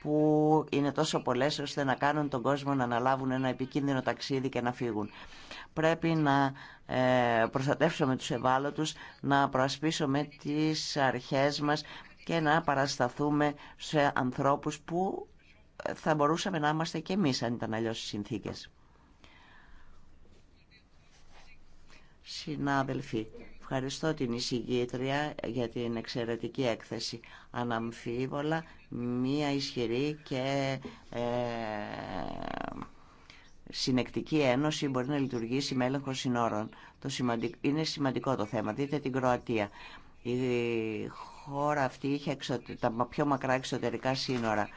που είναι τόσο πολλές ώστε να κάνουν τον κόσμο να αναλάβουν ένα επικίνδυνο ταξίδι και να φύγουν. Πρέπει να ε, προστατεύσουμε τους ευάλωτους, να προασπίσουμε τις αρχές μας και να παρασταθούμε σε ανθρώπους που θα μπορούσαμε να είμαστε και εμείς αν ήταν αλλιώς οι συνθήκες. Συνάδελφοι, ευχαριστώ την εισηγήτρια για την εξαιρετική έκθεση. Αναμφίβολα, μία ισχυρή και ε, συνεκτική ένωση μπορεί να λειτουργήσει με έλεγχο συνόρων. Το Είναι σημαντικό το θέμα. Δείτε την Κροατία. Η χώρα αυτή είχε τα πιο μακρά εξωτερικά σύνορα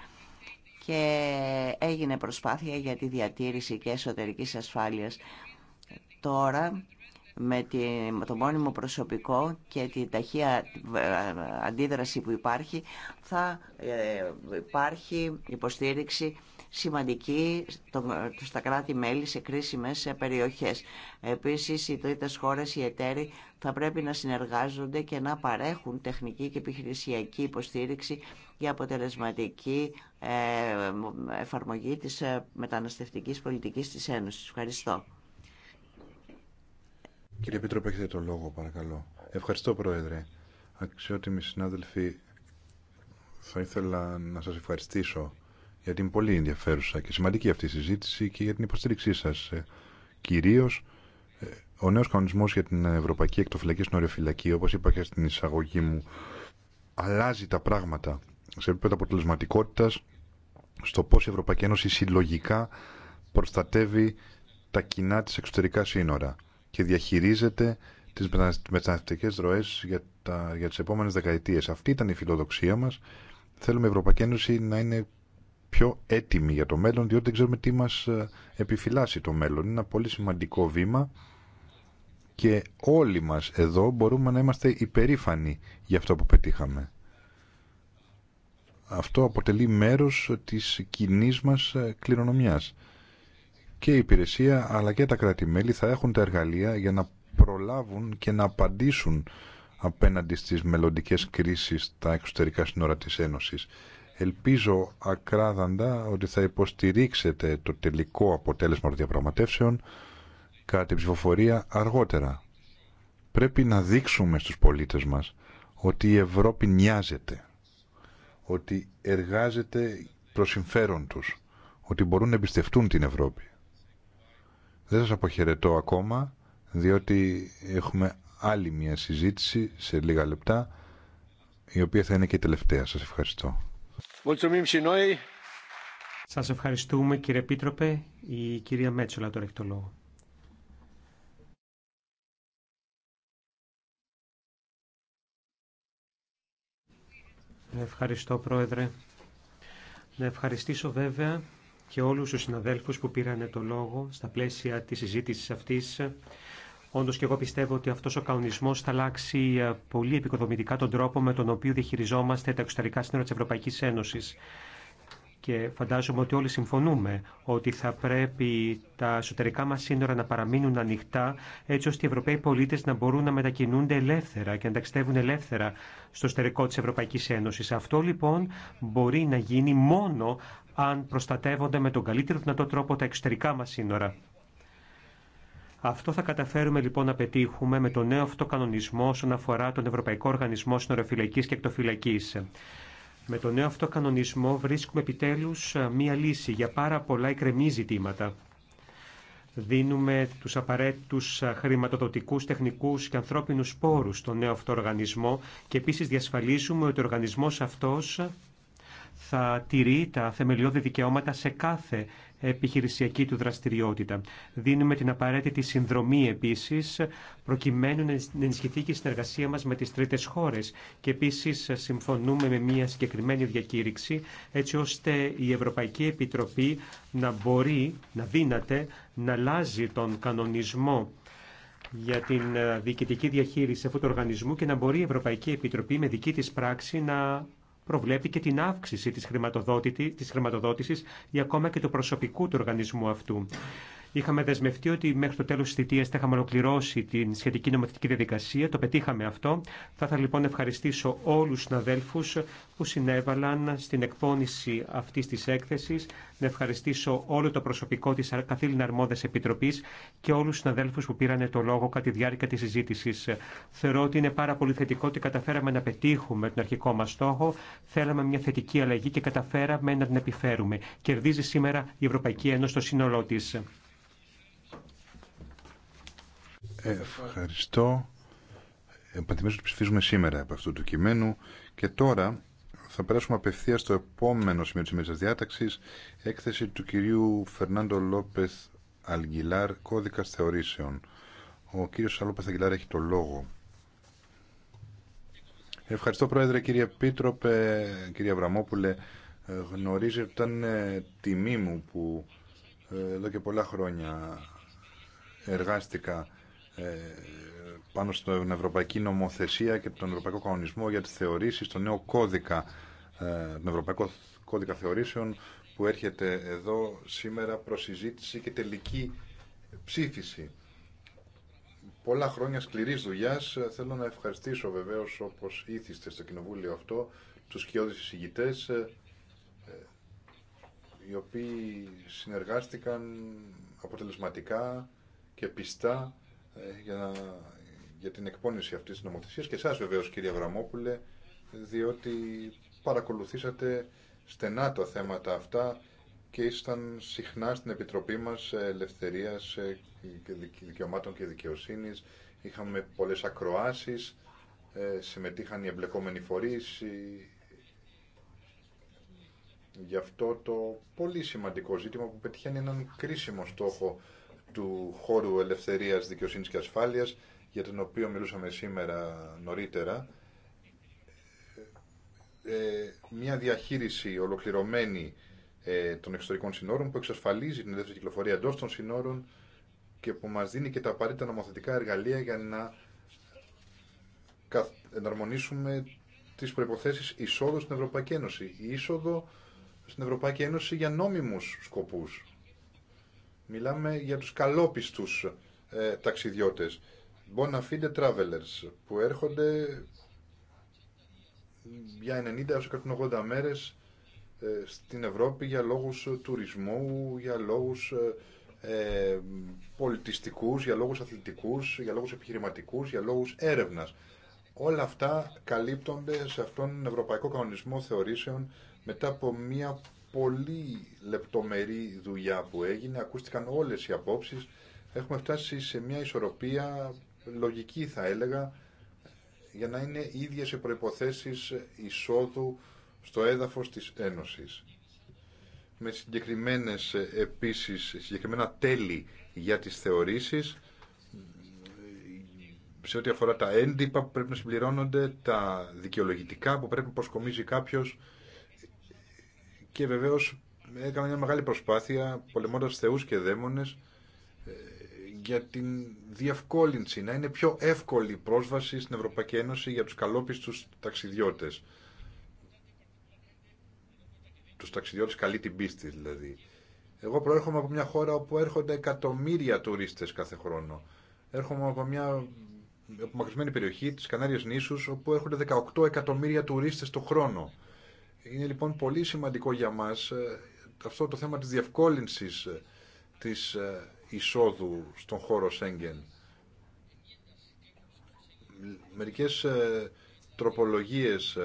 και έγινε προσπάθεια για τη διατήρηση και εσωτερικής ασφάλειας. Τώρα με το μόνιμο προσωπικό και την ταχεία ε, αντίδραση που υπάρχει θα ε, υπάρχει υποστήριξη σημαντική στα κράτη-μέλη σε κρίσιμες περιοχές. Επίσης, οι τρίτες χώρες, οι εταίροι, θα πρέπει να συνεργάζονται και να παρέχουν τεχνική και επιχειρησιακή υποστήριξη για αποτελεσματική ε, εφαρμογή της ε, μεταναστευτικής πολιτικής της Ένωσης. Ευχαριστώ. Κύριε Πίτρο, έχετε το λόγο, παρακαλώ. Ευχαριστώ, Πρόεδρε. Αξιότιμοι συνάδελφοι, θα ήθελα να σας ευχαριστήσω για την πολύ ενδιαφέρουσα και σημαντική αυτή συζήτηση και για την υποστήριξή σας. Ε, κυρίως, ο νέος κανονισμός για την Ευρωπαϊκή Εκτοφυλακή Συνοριοφυλακή, όπως είπα και στην εισαγωγή μου, αλλάζει τα πράγματα σε επίπεδο αποτελεσματικότητα στο πώς η Ευρωπαϊκή Ένωση συλλογικά προστατεύει τα κοινά της εξωτερικά σύνορα και διαχειρίζεται τις μεταναστευτικές ροές για, τα, για τις επόμενες δεκαετίες. Αυτή ήταν η φιλοδοξία μας. Θέλουμε η Ευρωπαϊκή Ένωση να είναι πιο έτοιμη για το μέλλον, διότι δεν ξέρουμε τι μας ε, επιφυλάσσει το μέλλον. Είναι ένα πολύ σημαντικό βήμα και όλοι μας εδώ μπορούμε να είμαστε υπερήφανοι για αυτό που πετύχαμε αυτό αποτελεί μέρος της κοινή μας ε, κληρονομιάς. Και η υπηρεσία αλλά και τα κράτη-μέλη θα έχουν τα εργαλεία για να προλάβουν και να απαντήσουν απέναντι στις μελλοντικέ κρίσεις τα εξωτερικά σύνορα της Ένωσης. Ελπίζω ακράδαντα ότι θα υποστηρίξετε το τελικό αποτέλεσμα των διαπραγματεύσεων κατά την ψηφοφορία αργότερα. Πρέπει να δείξουμε στους πολίτες μας ότι η Ευρώπη νοιάζεται ότι εργάζεται προς συμφέρον τους, ότι μπορούν να εμπιστευτούν την Ευρώπη. Δεν σας αποχαιρετώ ακόμα, διότι έχουμε άλλη μια συζήτηση σε λίγα λεπτά, η οποία θα είναι και η τελευταία. Σας ευχαριστώ. Σας ευχαριστούμε κύριε Πίτροπε. Η κυρία Μέτσολα τώρα έχει το λόγο. Ευχαριστώ, Πρόεδρε. Να ευχαριστήσω βέβαια και όλους τους συναδέλφους που πήραν το λόγο στα πλαίσια της συζήτησης αυτής. Όντω και εγώ πιστεύω ότι αυτό ο κανονισμό θα αλλάξει ε, πολύ επικοδομητικά τον τρόπο με τον οποίο διαχειριζόμαστε τα εξωτερικά σύνορα τη Ευρωπαϊκή Ένωση και φαντάζομαι ότι όλοι συμφωνούμε ότι θα πρέπει τα εσωτερικά μας σύνορα να παραμείνουν ανοιχτά έτσι ώστε οι Ευρωπαίοι πολίτες να μπορούν να μετακινούνται ελεύθερα και να ταξιδεύουν ελεύθερα στο εσωτερικό της Ευρωπαϊκής Ένωσης. Αυτό λοιπόν μπορεί να γίνει μόνο αν προστατεύονται με τον καλύτερο δυνατό τρόπο τα εξωτερικά μας σύνορα. Αυτό θα καταφέρουμε λοιπόν να πετύχουμε με τον νέο αυτό κανονισμό όσον αφορά τον Ευρωπαϊκό Οργανισμό Συνοροφυλακή και Εκτοφυλακή. Με τον νέο αυτό κανονισμό βρίσκουμε επιτέλους μία λύση για πάρα πολλά εκρεμή ζητήματα. Δίνουμε τους απαραίτητους χρηματοδοτικούς, τεχνικούς και ανθρώπινους πόρους στον νέο αυτό οργανισμό και επίσης διασφαλίζουμε ότι ο οργανισμός αυτός θα τηρεί τα θεμελιώδη δικαιώματα σε κάθε επιχειρησιακή του δραστηριότητα. Δίνουμε την απαραίτητη συνδρομή επίσης προκειμένου να ενισχυθεί και η συνεργασία μα με τις τρίτες χώρες. Και επίσης συμφωνούμε με μια συγκεκριμένη διακήρυξη, έτσι ώστε η Ευρωπαϊκή Επιτροπή να μπορεί, να δύναται, να αλλάζει τον κανονισμό για την ε, διοικητική διαχείριση αυτού του οργανισμού και να μπορεί η Ευρωπαϊκή Επιτροπή με δική της πράξη να προβλέπει και την αύξηση της χρηματοδότησης για ακόμα και του προσωπικού του οργανισμού αυτού. Είχαμε δεσμευτεί ότι μέχρι το τέλο τη θητεία θα είχαμε ολοκληρώσει την σχετική νομοθετική διαδικασία. Το πετύχαμε αυτό. Θα ήθελα λοιπόν να ευχαριστήσω όλου του συναδέλφου που συνέβαλαν στην εκπόνηση αυτή τη έκθεση. Να ευχαριστήσω όλο το προσωπικό τη καθήλυνα αρμόδια επιτροπή και όλου του συναδέλφου που πήραν το λόγο κατά τη διάρκεια τη συζήτηση. Θεωρώ ότι είναι πάρα πολύ θετικό ότι καταφέραμε να πετύχουμε τον αρχικό μα στόχο. Θέλαμε μια θετική αλλαγή και καταφέραμε να την επιφέρουμε. Κερδίζει σήμερα η Ευρωπαϊκή Ένωση το σύνολό τη. Ευχαριστώ. Επαντιμίζω ότι ψηφίζουμε σήμερα από αυτού του κειμένου και τώρα θα περάσουμε απευθεία στο επόμενο σημείο τη ημέρα διάταξη. έκθεση του κυρίου Φερνάντο Λόπεθ Αλγιλάρ, κώδικα θεωρήσεων. Ο κύριο Λόπεθ Αλγιλάρ έχει το λόγο. Ευχαριστώ Πρόεδρε, κύριε Πίτροπε, κύριε Αβραμόπουλε. Ε, Γνωρίζετε ότι ήταν ε, τιμή μου που ε, εδώ και πολλά χρόνια εργάστηκα ε, πάνω στην Ευρωπαϊκή Νομοθεσία και τον Ευρωπαϊκό Κανονισμό για τις θεωρήσεις, τον νέο κώδικα, ε, Ευρωπαϊκό Κώδικα Θεωρήσεων που έρχεται εδώ σήμερα προς συζήτηση και τελική ψήφιση. Πολλά χρόνια σκληρής δουλειά. Θέλω να ευχαριστήσω βεβαίως όπως ήθιστε στο κοινοβούλιο αυτό τους κοιόδης εισηγητέ ε, οι οποίοι συνεργάστηκαν αποτελεσματικά και πιστά ε, για, για την εκπόνηση αυτής της νομοθεσίας και εσά βεβαίω, κύριε Βραμόπουλε, διότι παρακολουθήσατε στενά τα θέματα αυτά και ήσταν συχνά στην Επιτροπή μας ε, Ελευθερίας ε, Δικαιωμάτων και Δικαιοσύνης. Είχαμε πολλές ακροάσεις, συμμετείχαν οι εμπλεκόμενοι φορείς. Γι' αυτό το πολύ σημαντικό ζήτημα που πετυχαίνει έναν κρίσιμο στόχο του χώρου ελευθερίας, δικαιοσύνης και ασφάλειας, για τον οποίο μιλούσαμε σήμερα νωρίτερα, ε, μια διαχείριση ολοκληρωμένη ε, των εξωτερικών συνόρων που εξασφαλίζει την ελεύθερη κυκλοφορία εντό των συνόρων και που μας δίνει και τα απαραίτητα νομοθετικά εργαλεία για να εναρμονίσουμε τις προϋποθέσεις εισόδου στην Ευρωπαϊκή Ένωση. Η είσοδο στην Ευρωπαϊκή Ένωση για νόμιμους σκοπούς. Μιλάμε για τους καλόπιστους ε, ταξιδιώτες, bona fide travelers, που έρχονται για 90 έως 180 μέρες ε, στην Ευρώπη για λόγους τουρισμού, για λόγους ε, πολιτιστικούς, για λόγους αθλητικούς, για λόγους επιχειρηματικούς, για λόγους έρευνας. Όλα αυτά καλύπτονται σε αυτόν τον Ευρωπαϊκό Κανονισμό Θεωρήσεων μετά από μια πολύ λεπτομερή δουλειά που έγινε, ακούστηκαν όλες οι απόψεις. Έχουμε φτάσει σε μια ισορροπία λογική θα έλεγα, για να είναι ίδιες οι προϋποθέσεις εισόδου στο έδαφος της Ένωσης. Με συγκεκριμένες επίσης, συγκεκριμένα τέλη για τις θεωρήσεις, σε ό,τι αφορά τα έντυπα που πρέπει να συμπληρώνονται, τα δικαιολογητικά που πρέπει να προσκομίζει κάποιος και βεβαίως έκανα μια μεγάλη προσπάθεια πολεμώντα θεούς και δαίμονες ε, για την διευκόλυνση, να είναι πιο εύκολη η πρόσβαση στην Ευρωπαϊκή Ένωση για τους καλόπιστου ταξιδιώτες. Τους ταξιδιώτες καλή την πίστη δηλαδή. Εγώ προέρχομαι από μια χώρα όπου έρχονται εκατομμύρια τουρίστες κάθε χρόνο. Έρχομαι από μια απομακρυσμένη περιοχή, τις Κανάριε Νήσου, όπου έρχονται 18 εκατομμύρια τουρίστε το χρόνο. Είναι λοιπόν πολύ σημαντικό για μας ε, αυτό το θέμα της διευκόλυνσης ε, της ε, εισόδου στον χώρο Σέγγεν. Μερικές τροπολογίες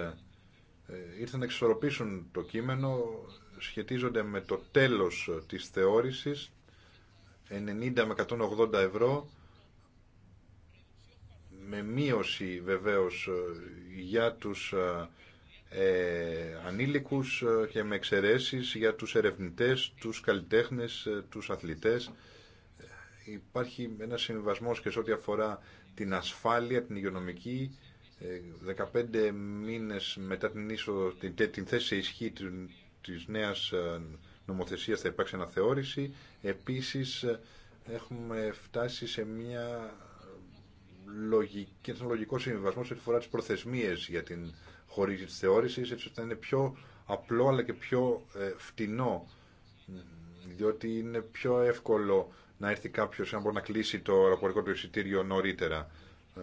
ήρθαν να εξορροπήσουν το κείμενο, σχετίζονται με το τέλος της θεώρησης, 90 με 180 ευρώ, με μείωση βεβαίως για τους ε, ανήλικους ε, και με εξαιρέσεις για τους ερευνητές, τους καλλιτέχνες, ε, τους αθλητές. Ε, υπάρχει ένα συμβασμός και σε ό,τι αφορά την ασφάλεια, την υγειονομική, 15 μήνες μετά την, ίσο, την, την θέση ισχύ της νέας νομοθεσίας θα υπάρξει αναθεώρηση. Επίσης έχουμε φτάσει σε μια λογική, ένα λογικό συμβιβασμό σε ό,τι φορά τις προθεσμίες για την χωρίς τη θεώρησης, έτσι ώστε να είναι πιο απλό αλλά και πιο ε, φτηνό, διότι είναι πιο εύκολο να έρθει κάποιος να μπορεί να κλείσει το αεροπορικό του εισιτήριο νωρίτερα. Ε,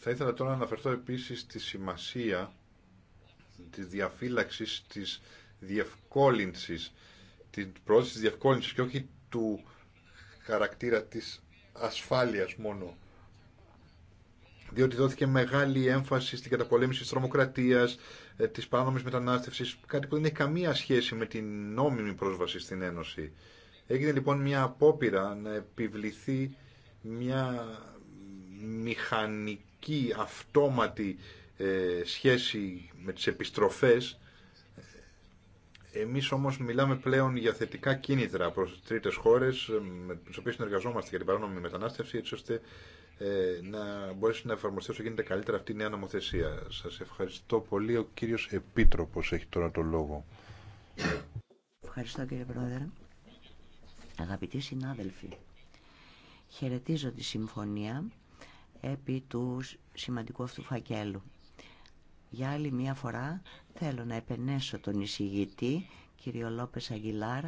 θα ήθελα τώρα να αναφερθώ επίσης στη σημασία της διαφύλαξης, της διευκόλυνσης, την πρόθεση της διευκόλυνσης και όχι του χαρακτήρα της ασφάλειας μόνο διότι δόθηκε μεγάλη έμφαση στην καταπολέμηση της τρομοκρατίας, ε, της παράνομης μετανάστευσης, κάτι που δεν έχει καμία σχέση με την νόμιμη πρόσβαση στην Ένωση. Έγινε λοιπόν μια απόπειρα να επιβληθεί μια μηχανική, αυτόματη ε, σχέση με τις επιστροφές. Εμείς όμως μιλάμε πλέον για θετικά κίνητρα προς τρίτες χώρες ε, με τις οποίες συνεργαζόμαστε για την παράνομη μετανάστευση έτσι ώστε ε, να μπορέσει να εφαρμοστεί όσο γίνεται καλύτερα αυτή η νέα νομοθεσία. Σας ευχαριστώ πολύ. Ο κύριο Επίτροπο, έχει τώρα το λόγο. Ευχαριστώ κύριε Πρόεδρε. Αγαπητοί συνάδελφοι, χαιρετίζω τη συμφωνία επί του σημαντικού αυτού φακέλου. Για άλλη μία φορά θέλω να επενέσω τον εισηγητή, κύριο Λόπες Αγγιλάρ,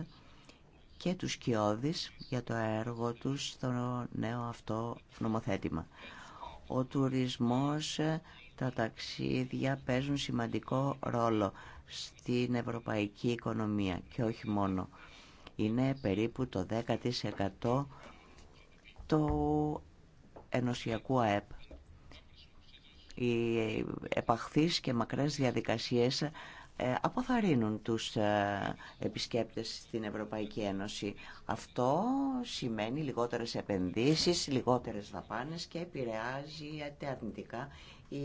και τους Κιώδης για το έργο τους στο νέο αυτό νομοθέτημα. Ο τουρισμός, τα ταξίδια παίζουν σημαντικό ρόλο στην ευρωπαϊκή οικονομία και όχι μόνο. Είναι περίπου το 10% του ενωσιακού ΑΕΠ. Οι επαχθείς και μακρές διαδικασίες ε, αποθαρρύνουν τους ε, επισκέπτες στην Ευρωπαϊκή Ένωση. Αυτό σημαίνει λιγότερες επενδύσεις, λιγότερες δαπάνες και επηρεάζει αρνητικά η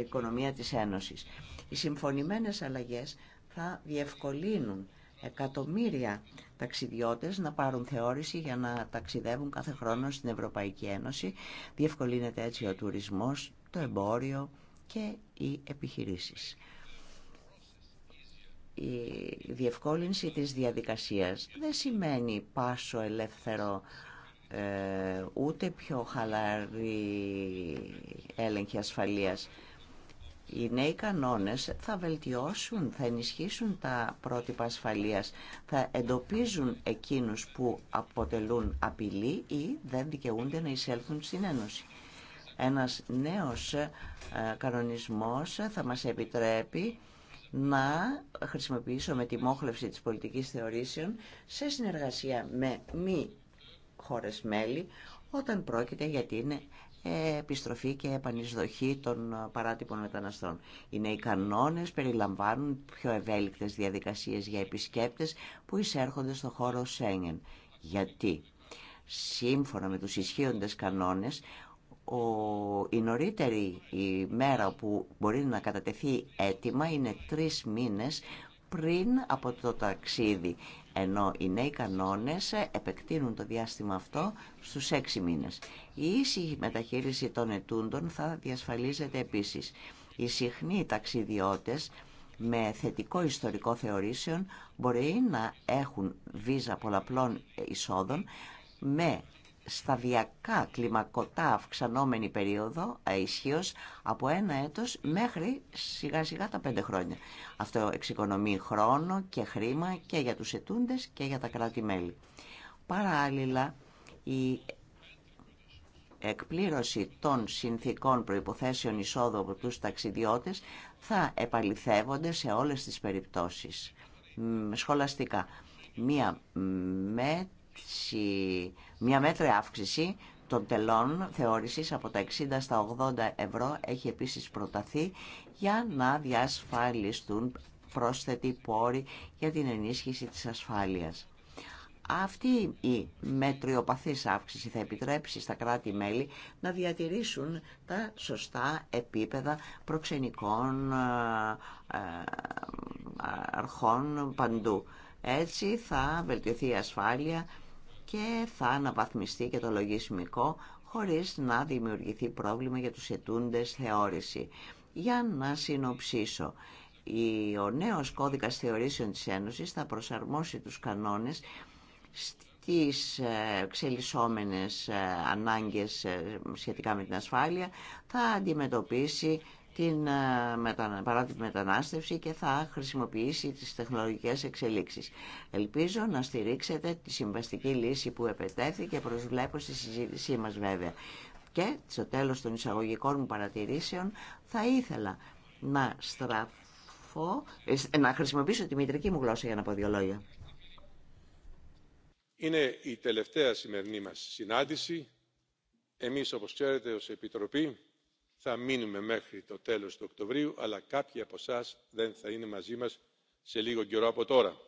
οικονομία της Ένωσης. Οι συμφωνημένες αλλαγές θα διευκολύνουν εκατομμύρια ταξιδιώτες να πάρουν θεώρηση για να ταξιδεύουν κάθε χρόνο στην Ευρωπαϊκή Ένωση. Διευκολύνεται έτσι ο τουρισμός, το εμπόριο και οι επιχειρήσεις η διευκόλυνση της διαδικασίας δεν σημαίνει πάσο ελεύθερο ε, ούτε πιο χαλαρή έλεγχη ασφαλείας. Οι νέοι κανόνες θα βελτιώσουν, θα ενισχύσουν τα πρότυπα ασφαλείας, θα εντοπίζουν εκείνους που αποτελούν απειλή ή δεν δικαιούνται να εισέλθουν στην Ένωση. Ένας νέος ε, κανονισμός θα μας επιτρέπει να με τη μόχλευση της πολιτικής θεωρήσεων σε συνεργασία με μη χώρες μέλη όταν πρόκειται για την επιστροφή και επανεισδοχή των παράτυπων μεταναστών. Είναι Οι κανόνες περιλαμβάνουν πιο ευέλικτες διαδικασίες για επισκέπτες που εισέρχονται στο χώρο Σέγγεν. Γιατί, σύμφωνα με τους ισχύοντες κανόνες, ο, η νωρίτερη ημέρα που μπορεί να κατατεθεί έτοιμα είναι τρεις μήνες πριν από το ταξίδι, ενώ οι νέοι κανόνες επεκτείνουν το διάστημα αυτό στους έξι μήνες. Η ίση μεταχείριση των ετούντων θα διασφαλίζεται επίσης. Οι συχνοί ταξιδιώτες με θετικό ιστορικό θεωρήσεων μπορεί να έχουν βίζα πολλαπλών εισόδων με σταδιακά κλιμακωτά αυξανόμενη περίοδο ε, ισχύω από ένα έτος μέχρι σιγά σιγά τα πέντε χρόνια. Αυτό εξοικονομεί χρόνο και χρήμα και για τους ετούντες και για τα κράτη-μέλη. Παράλληλα, η εκπλήρωση των συνθήκων προϋποθέσεων εισόδου από τους ταξιδιώτες θα επαληθεύονται σε όλες τις περιπτώσεις. Σχολαστικά, μία με μια μέτρη αύξηση των τελών θεώρησης από τα 60 στα 80 ευρώ έχει επίσης προταθεί για να διασφαλιστούν πρόσθετοι πόροι για την ενίσχυση της ασφάλειας. Αυτή η μετριοπαθής αύξηση θα επιτρέψει στα κράτη-μέλη να διατηρήσουν τα σωστά επίπεδα προξενικών ε, ε, αρχών παντού. Έτσι θα βελτιωθεί η ασφάλεια και θα αναβαθμιστεί και το λογισμικό χωρίς να δημιουργηθεί πρόβλημα για τους ετούντες θεώρηση. Για να συνοψίσω, ο νέος κώδικας θεωρήσεων της Ένωσης θα προσαρμόσει τους κανόνες τις ε, ξελισσόμενες ε, ανάγκες ε, σχετικά με την ασφάλεια θα αντιμετωπίσει την ε, παρά μετανάστευση και θα χρησιμοποιήσει τις τεχνολογικές εξελίξεις. Ελπίζω να στηρίξετε τη συμβαστική λύση που επετέθηκε και προσβλέπω στη συζήτησή μας βέβαια. Και στο τέλος των εισαγωγικών μου παρατηρήσεων θα ήθελα να ε, να χρησιμοποιήσω τη μητρική μου γλώσσα για να πω δύο λόγια. Είναι η τελευταία σημερινή μας συνάντηση. Εμείς, όπως ξέρετε, ως Επιτροπή θα μείνουμε μέχρι το τέλος του οκτωβρίου αλλά κάποιοι από εσά δεν θα είναι μαζί μας σε λίγο καιρό από τώρα.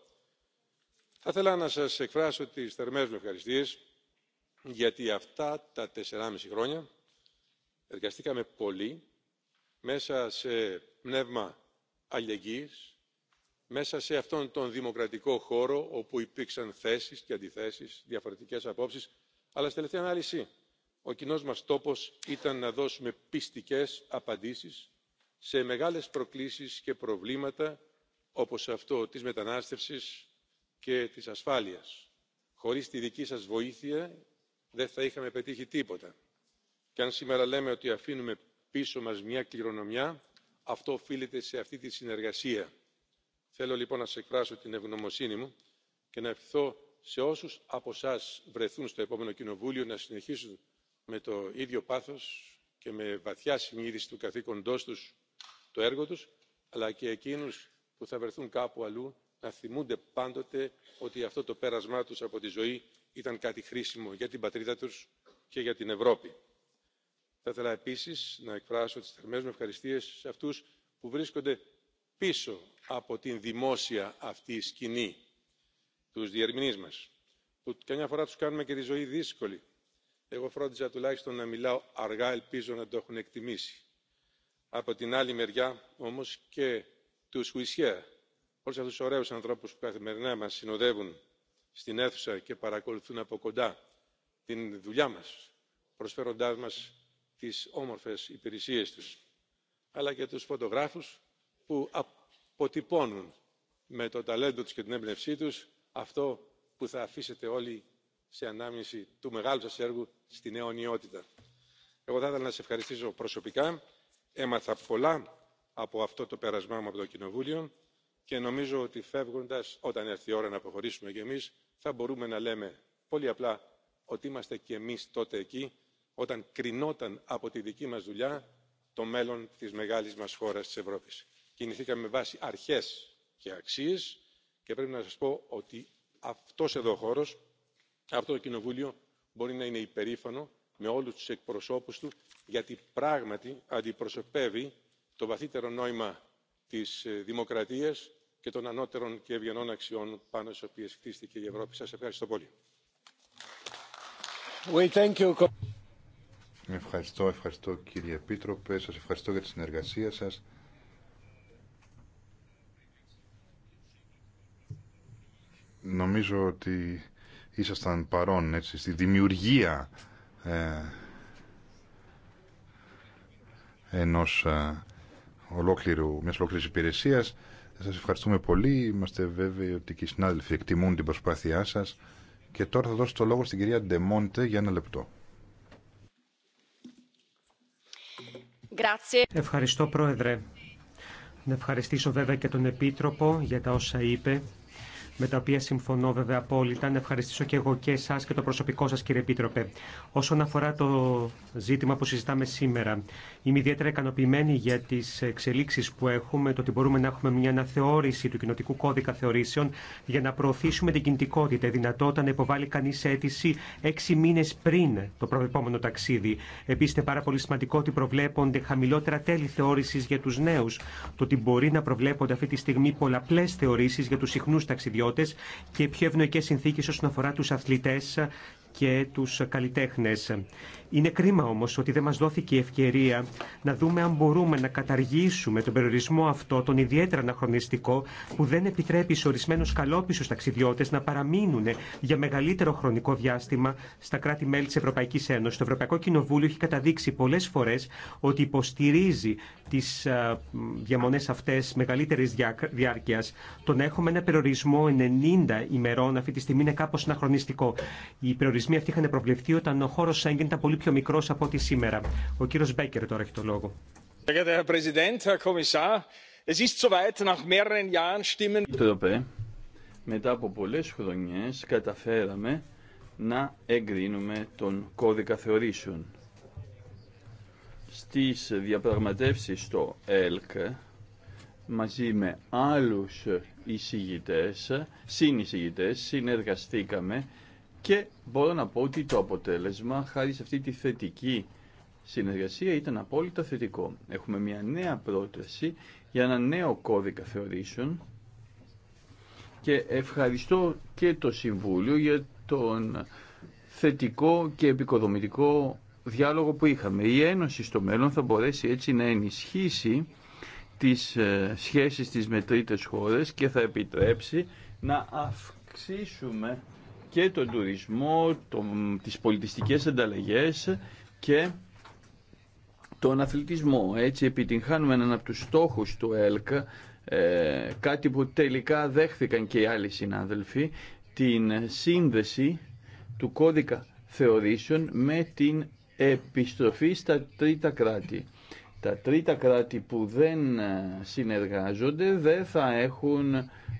θα ήθελα να σας εκφράσω τις θερμές μου ευχαριστίες γιατί αυτά τα τεσσεράμιση χρόνια εργαστήκαμε πολύ μέσα σε πνεύμα αλληλεγγύης μέσα σε αυτόν τον δημοκρατικό χώρο όπου υπήρξαν θέσεις και αντιθέσεις διαφορετικές απόψεις αλλά στη τελευταία ανάλυση ο κοινός μας τόπος ήταν να δώσουμε πιστικές απαντήσεις σε μεγάλες προκλήσεις και προβλήματα όπως αυτό της μετανάστευσης και της ασφάλειας. χωρίς τη δική σας βοήθεια δεν θα είχαμε πετύχει τίποτα και αν σήμερα λέμε ότι αφήνουμε πίσω μας μια κληρονομιά αυτό οφείλεται σε αυτή τη συνεργασία. θέλω λοιπόν να σας εκφράσω την ευγνωμοσύνη μου και να ευχηθώ σε όσους από εσάς βρεθούν στο επόμενο κοινοβούλιο να συνεχίσουν με το ίδιο πάθος και με βαθιά συνείδηση του καθήκοντός τους το έργο τους αλλά και εκείνους που θα βρεθούν κάπου αλλού να θυμούνται πάντοτε ότι αυτό το πέρασμά τους από τη ζωή ήταν κάτι χρήσιμο για την πατρίδα τους και για την Ευρώπη. Θα ήθελα επίσης να εκφράσω τις θερμές μου ευχαριστίες σε αυτούς που βρίσκονται πίσω από την δημόσια αυτή σκηνή, τους διερμηνείς μας, που καμιά φορά τους κάνουμε και τη ζωή δύσκολη εγώ φρόντιζα τουλάχιστον να μιλάω αργά ελπίζω να το έχουν εκτιμήσει. από την άλλη μεριά όμως και τους χουισιέα, όλους αυτούς τους ωραίους ανθρώπους που καθημερινά μας συνοδεύουν στην αίθουσα και παρακολουθούν από κοντά την δουλειά μας προσφέροντάς μας τις όμορφες υπηρεσίες τους αλλά και τους φωτογράφους που αποτυπώνουν με το ταλέντο τους και την έμπνευσή τους αυτό που θα αφήσετε όλοι σε ανάμνηση του μεγάλου σας έργου στην αιωνιότητα. Εγώ θα ήθελα να σε ευχαριστήσω προσωπικά. Έμαθα πολλά από αυτό το περασμά μου από το Κοινοβούλιο και νομίζω ότι φεύγοντας, όταν έρθει η ώρα να αποχωρήσουμε κι εμείς, θα μπορούμε να λέμε πολύ απλά ότι είμαστε κι εμείς τότε εκεί, όταν κρινόταν από τη δική μας δουλειά το μέλλον της μεγάλης μας χώρας της Ευρώπης. Κινηθήκαμε με βάση αρχές και αξίες και πρέπει να σας πω ότι αυτός εδώ ο χώρος αυτό το κοινοβούλιο μπορεί να είναι υπερήφανο με όλους τους εκπροσώπους του γιατί πράγματι αντιπροσωπεύει το βαθύτερο νόημα της ε, δημοκρατίας και των ανώτερων και ευγενών αξιών πάνω στις οποίες χτίστηκε η ευρώπη. σας ευχαριστώ πολύ. Ευχαριστώ, ευχαριστώ κύριε Επίτροπε, σας ευχαριστώ για τη συνεργασία σας. Νομίζω ότι ήσασταν παρόν στη δημιουργία ε, ενός ε, ολόκληρου, μιας ολόκληρης υπηρεσίας. Σας ευχαριστούμε πολύ. Είμαστε βέβαιοι ότι και οι συνάδελφοι εκτιμούν την προσπάθειά σας. Και τώρα θα δώσω το λόγο στην κυρία Ντεμόντε για ένα λεπτό. Ευχαριστώ, Πρόεδρε. Να ευχαριστήσω βέβαια και τον Επίτροπο για τα όσα είπε με τα οποία συμφωνώ βέβαια απόλυτα. Να ευχαριστήσω και εγώ και εσά και το προσωπικό σα, κύριε Επίτροπε. Όσον αφορά το ζήτημα που συζητάμε σήμερα, είμαι ιδιαίτερα ικανοποιημένη για τι εξελίξει που έχουμε, το ότι μπορούμε να έχουμε μια αναθεώρηση του κοινοτικού κώδικα θεωρήσεων για να προωθήσουμε την κινητικότητα, η δυνατότητα να υποβάλει κανεί αίτηση έξι μήνε πριν το προεπόμενο ταξίδι. Επίση, είναι πάρα πολύ σημαντικό ότι προβλέπονται χαμηλότερα τέλη θεώρηση για του νέου, το ότι μπορεί να προβλέπονται αυτή τη στιγμή πολλαπλέ θεωρήσει για του συχνού ταξιδιώτε και πιο ευνοϊκέ συνθήκε όσον αφορά του αθλητέ και τους καλλιτέχνες. Είναι κρίμα όμως ότι δεν μας δόθηκε η ευκαιρία να δούμε αν μπορούμε να καταργήσουμε τον περιορισμό αυτό, τον ιδιαίτερα αναχρονιστικό, που δεν επιτρέπει σε ορισμένους καλόπισους ταξιδιώτες να παραμείνουν για μεγαλύτερο χρονικό διάστημα στα κράτη-μέλη της Ευρωπαϊκής Ένωσης. Το Ευρωπαϊκό Κοινοβούλιο έχει καταδείξει πολλές φορές ότι υποστηρίζει τις διαμονές αυτές μεγαλύτερης διάρκειας. Το να έχουμε ένα περιορισμό 90 ημερών αυτή τη στιγμή είναι κάπως αναχρονιστικό πολιτισμοί αυτοί είχαν προβλεφθεί όταν ο χώρο Σέγγεν ήταν πολύ πιο μικρό από ό,τι σήμερα. Ο κύριο Μπέκερ τώρα έχει το λόγο. μετά από πολλέ χρονιέ καταφέραμε να εγκρίνουμε τον κώδικα θεωρήσεων. Στις διαπραγματεύσει στο ΕΛΚ μαζί με άλλου εισηγητές, συνεισηγητές, συνεργαστήκαμε και μπορώ να πω ότι το αποτέλεσμα, χάρη σε αυτή τη θετική συνεργασία, ήταν απόλυτα θετικό. Έχουμε μια νέα πρόταση για ένα νέο κώδικα θεωρήσεων και ευχαριστώ και το Συμβούλιο για τον θετικό και επικοδομητικό διάλογο που είχαμε. Η Ένωση στο μέλλον θα μπορέσει έτσι να ενισχύσει τις ε, σχέσεις της με τρίτες χώρες και θα επιτρέψει να αυξήσουμε και τον τουρισμό, το, τις πολιτιστικές ανταλλαγές και τον αθλητισμό. Έτσι επιτυγχάνουμε έναν από τους στόχους του ΕΛΚ, ε, κάτι που τελικά δέχθηκαν και οι άλλοι συνάδελφοι, την σύνδεση του κώδικα θεωρήσεων με την επιστροφή στα τρίτα κράτη. Τα τρίτα κράτη που δεν ε, συνεργάζονται δεν θα έχουν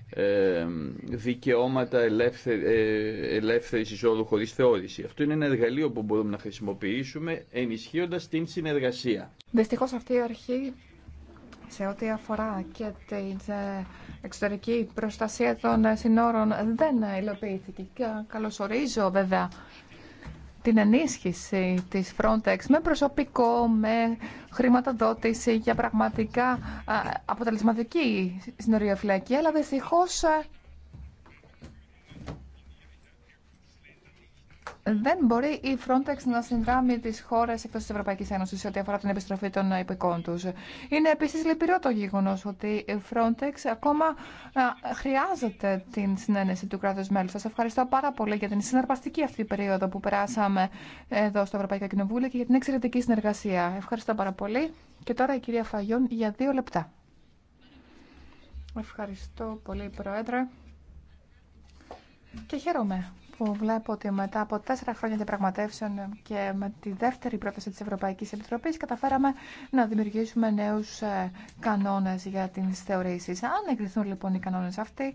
ε, δικαιώματα ε, ελεύθερης εισόδου χωρίς θεώρηση. Αυτό είναι ένα εργαλείο που μπορούμε να χρησιμοποιήσουμε ενισχύοντας την συνεργασία. Δυστυχώς αυτή η αρχή σε ό,τι αφορά και την ε, εξωτερική προστασία των συνόρων δεν υλοποιήθηκε. Και καλωσορίζω βέβαια την ενίσχυση της Frontex με προσωπικό, με χρηματοδότηση για πραγματικά αποτελεσματική συνοριοφυλακή, αλλά δυστυχώ. δεν μπορεί η Frontex να συνδράμει τι χώρε εκτό τη Ευρωπαϊκή Ένωση σε ό,τι αφορά την επιστροφή των υπηκών του. Είναι επίση λυπηρό το γεγονό ότι η Frontex ακόμα χρειάζεται την συνένεση του κράτου μέλου. Σα ευχαριστώ πάρα πολύ για την συναρπαστική αυτή περίοδο που περάσαμε εδώ στο Ευρωπαϊκό Κοινοβούλιο και για την εξαιρετική συνεργασία. Ευχαριστώ πάρα πολύ. Και τώρα η κυρία Φαγιόν για δύο λεπτά. Ευχαριστώ πολύ, Πρόεδρε. Και χαίρομαι που βλέπω ότι μετά από τέσσερα χρόνια διαπραγματεύσεων και με τη δεύτερη πρόταση της Ευρωπαϊκής Επιτροπής καταφέραμε να δημιουργήσουμε νέους ε, κανόνες για την θεωρήσεις. Αν εγκριθούν λοιπόν οι κανόνες αυτοί,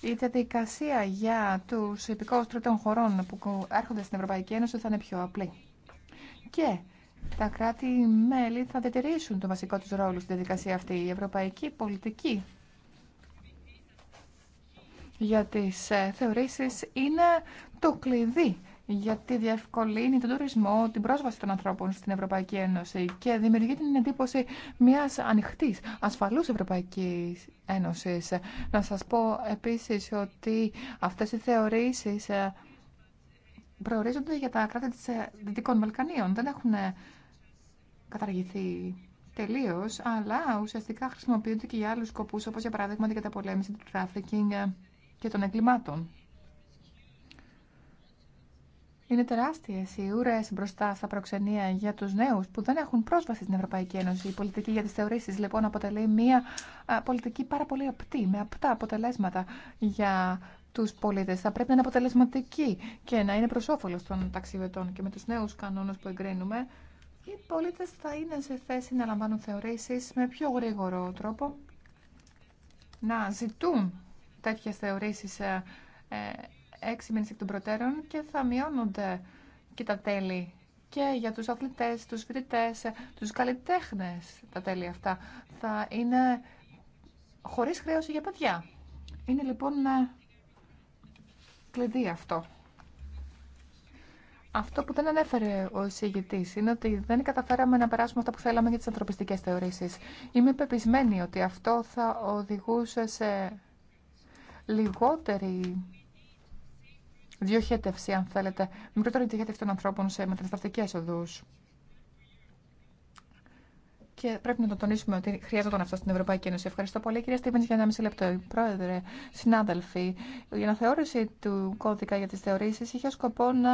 η διαδικασία για τους υπηκόους τρίτων χωρών που έρχονται στην Ευρωπαϊκή Ένωση θα είναι πιο απλή. Και τα κράτη-μέλη θα διατηρήσουν το βασικό τους ρόλο στη διαδικασία αυτή. Η ευρωπαϊκή πολιτική για τις ε, θεωρήσεις είναι το κλειδί γιατί διευκολύνει τον τουρισμό, την πρόσβαση των ανθρώπων στην Ευρωπαϊκή Ένωση και δημιουργεί την εντύπωση μιας ανοιχτής, ασφαλούς Ευρωπαϊκής Ένωσης. Να σας πω επίσης ότι αυτές οι θεωρήσεις ε, προορίζονται για τα κράτη της ε, Δυτικών Βαλκανίων. Δεν έχουν καταργηθεί τελείως, αλλά ουσιαστικά χρησιμοποιούνται και για άλλους σκοπούς, όπως για παράδειγμα την καταπολέμηση του τράφικινγκ και των εγκλημάτων. Είναι τεράστιε οι ουρέ μπροστά στα προξενία για του νέου που δεν έχουν πρόσβαση στην Ευρωπαϊκή Ένωση. Η πολιτική για τι θεωρήσει λοιπόν αποτελεί μια πολιτική πάρα πολύ απτή, με απτά αποτελέσματα για του πολίτε. Θα πρέπει να είναι αποτελεσματική και να είναι προ όφελο των ταξιδιωτών. Και με του νέου κανόνε που εγκρίνουμε, οι πολίτε θα είναι σε θέση να λαμβάνουν θεωρήσει με πιο γρήγορο τρόπο, να ζητούν τέτοιες θεωρήσεις ε, ε, έξι μήνες εκ των προτέρων και θα μειώνονται και τα τέλη και για τους αθλητές, τους φοιτητές, ε, τους καλλιτέχνες τα τέλη αυτά. Θα είναι χωρίς χρέωση για παιδιά. Είναι λοιπόν κλειδί αυτό. Αυτό που δεν ανέφερε ο συγητή είναι ότι δεν καταφέραμε να περάσουμε αυτά που θέλαμε για τι ανθρωπιστικέ θεωρήσει. Είμαι πεπισμένη ότι αυτό θα οδηγούσε σε λιγότερη διοχέτευση, αν θέλετε, μικρότερη διοχέτευση των ανθρώπων σε μεταναστευτικές οδού. Και πρέπει να το τονίσουμε ότι χρειάζονταν αυτό στην Ευρωπαϊκή Ένωση. Ευχαριστώ πολύ, κυρία Στίβεν, για ένα μισή λεπτό. Πρόεδρε, συνάδελφοι, η αναθεώρηση του κώδικα για τι θεωρήσει είχε σκοπό να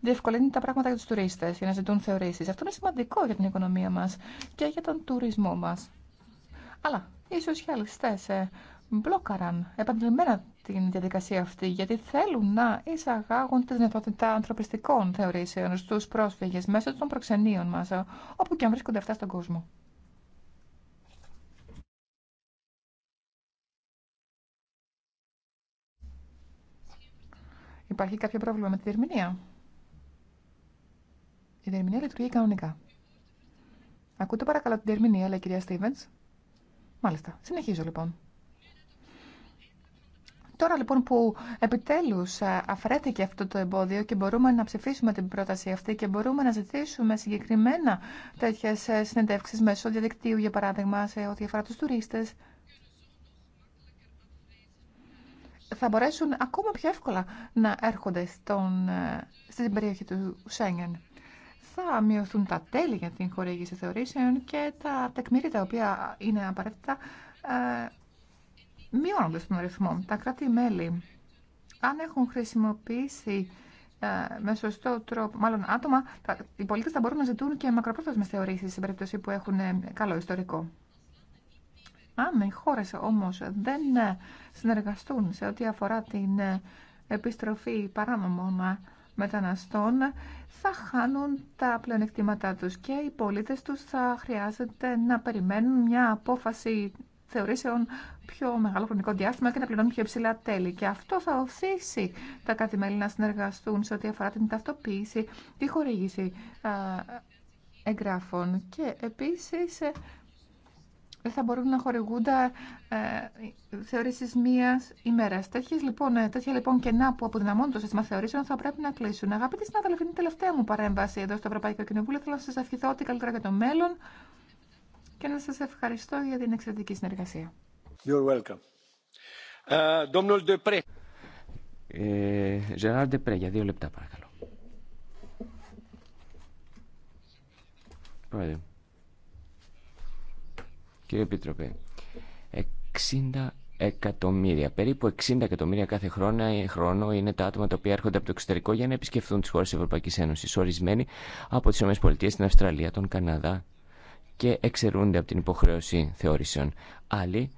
διευκολύνει τα πράγματα για του τουρίστε, για να ζητούν θεωρήσει. Αυτό είναι σημαντικό για την οικονομία μα και για τον τουρισμό μα. Αλλά οι θέσει μπλόκαραν επανειλημμένα την διαδικασία αυτή, γιατί θέλουν να εισαγάγουν τη δυνατότητα ανθρωπιστικών θεωρήσεων στου πρόσφυγες μέσω των προξενείων μα, όπου και αν βρίσκονται αυτά στον κόσμο. Υπάρχει κάποιο πρόβλημα με τη διερμηνία. Η διερμηνία λειτουργεί κανονικά. Ακούτε παρακαλώ την διερμηνία, λέει η κυρία Στίβεν. Μάλιστα. Συνεχίζω λοιπόν. Τώρα λοιπόν που επιτέλους ε, αφαιρέθηκε αυτό το εμπόδιο και μπορούμε να ψηφίσουμε την πρόταση αυτή και μπορούμε να ζητήσουμε συγκεκριμένα τέτοιες ε, συνεντεύξεις μέσω διαδικτύου για παράδειγμα σε ό,τι αφορά τους τουρίστες θα μπορέσουν ακόμα πιο εύκολα να έρχονται στον, ε, στην περιοχή του Σέγγεν. Θα μειωθούν τα τέλη για την χορήγηση θεωρήσεων και τα τεκμήρια τα οποία είναι απαραίτητα μειώνονται στον αριθμό. Τα κράτη-μέλη, αν έχουν χρησιμοποιήσει ε, με σωστό τρόπο, μάλλον άτομα, οι πολίτε θα μπορούν να ζητούν και μακροπρόθεσμε θεωρήσει σε περίπτωση που έχουν ε, καλό ιστορικό. Αν οι χώρε όμω δεν ε, συνεργαστούν σε ό,τι αφορά την επιστροφή παράνομων μεταναστών, θα χάνουν τα πλεονεκτήματά τους και οι πολίτες τους θα χρειάζεται να περιμένουν μια απόφαση θεωρήσεων πιο μεγάλο χρονικό διάστημα και να πληρώνουν πιο υψηλά τέλη. Και αυτό θα οθήσει τα καθημέρινα να συνεργαστούν σε ό,τι αφορά την ταυτοποίηση, τη χορήγηση εγγράφων. Και επίσης δεν θα μπορούν να χορηγούνται ε, θεωρήσει μία ημέρα. Λοιπόν, ε, τέτοια λοιπόν κενά που αποδυναμώνουν το σύστημα θεωρήσεων θα πρέπει να κλείσουν. Αγαπητοί συνάδελφοι, είναι η τελευταία μου παρέμβαση εδώ στο Ευρωπαϊκό Κοινοβούλιο. Θέλω να σα ευχηθώ ότι καλύτερα για το μέλλον και να σας ευχαριστώ για την εξαιρετική συνεργασία. You're welcome. Uh, Depre. Ε, Gerard Depre, για δύο λεπτά παρακαλώ. Πρόεδρε, κύριε Επίτροπε, 60 εκατομμύρια. Περίπου 60 εκατομμύρια κάθε χρόνο, χρόνο είναι τα άτομα τα οποία έρχονται από το εξωτερικό για να επισκεφθούν τι χώρε τη Ευρωπαϊκή Ένωση. Ορισμένοι από τι ΗΠΑ, την Αυστραλία, τον Καναδά, και εξαιρούνται από την υποχρέωση θεώρησεων. Άλλοι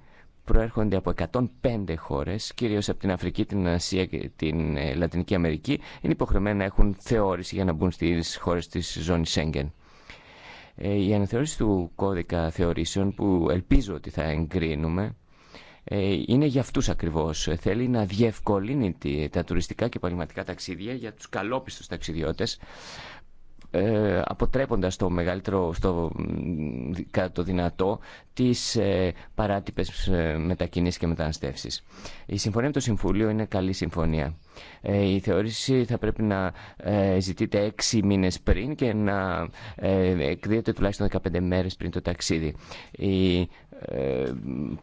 προέρχονται από 105 χώρες, κυρίω από την Αφρική, την Ασία και την ε, Λατινική Αμερική, είναι υποχρεωμένοι να έχουν θεώρηση για να μπουν στις χώρε της ζώνη Σέγγεν. Ε, η αναθεώρηση του κώδικα θεωρήσεων που ελπίζω ότι θα εγκρίνουμε ε, είναι για αυτούς ακριβώς. Θέλει να διευκολύνει τα τουριστικά και επαγγελματικά ταξίδια για τους καλόπιστους ταξιδιώτες ε, αποτρέποντας το μεγαλύτερο, στο, κατά το δυνατό, τις ε, παράτυπες ε, μετακινήσεις και μεταναστεύσεις. Η συμφωνία με το Συμφούλιο είναι καλή συμφωνία. Ε, η θεώρηση θα πρέπει να ε, ζητείται έξι μήνες πριν και να ε, εκδίδεται τουλάχιστον 15 μέρες πριν το ταξίδι. Οι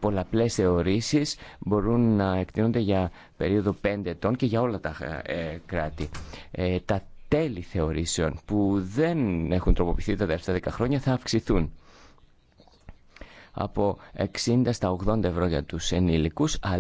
πολλαπλές θεωρήσεις μπορούν να εκτείνονται για περίοδο 5 ετών και για όλα τα κράτη. Τα τέλη θεωρήσεων που δεν έχουν τροποποιηθεί τα τελευταία 10 χρόνια θα αυξηθούν από 60 στα 80 ευρώ για τους ενήλικους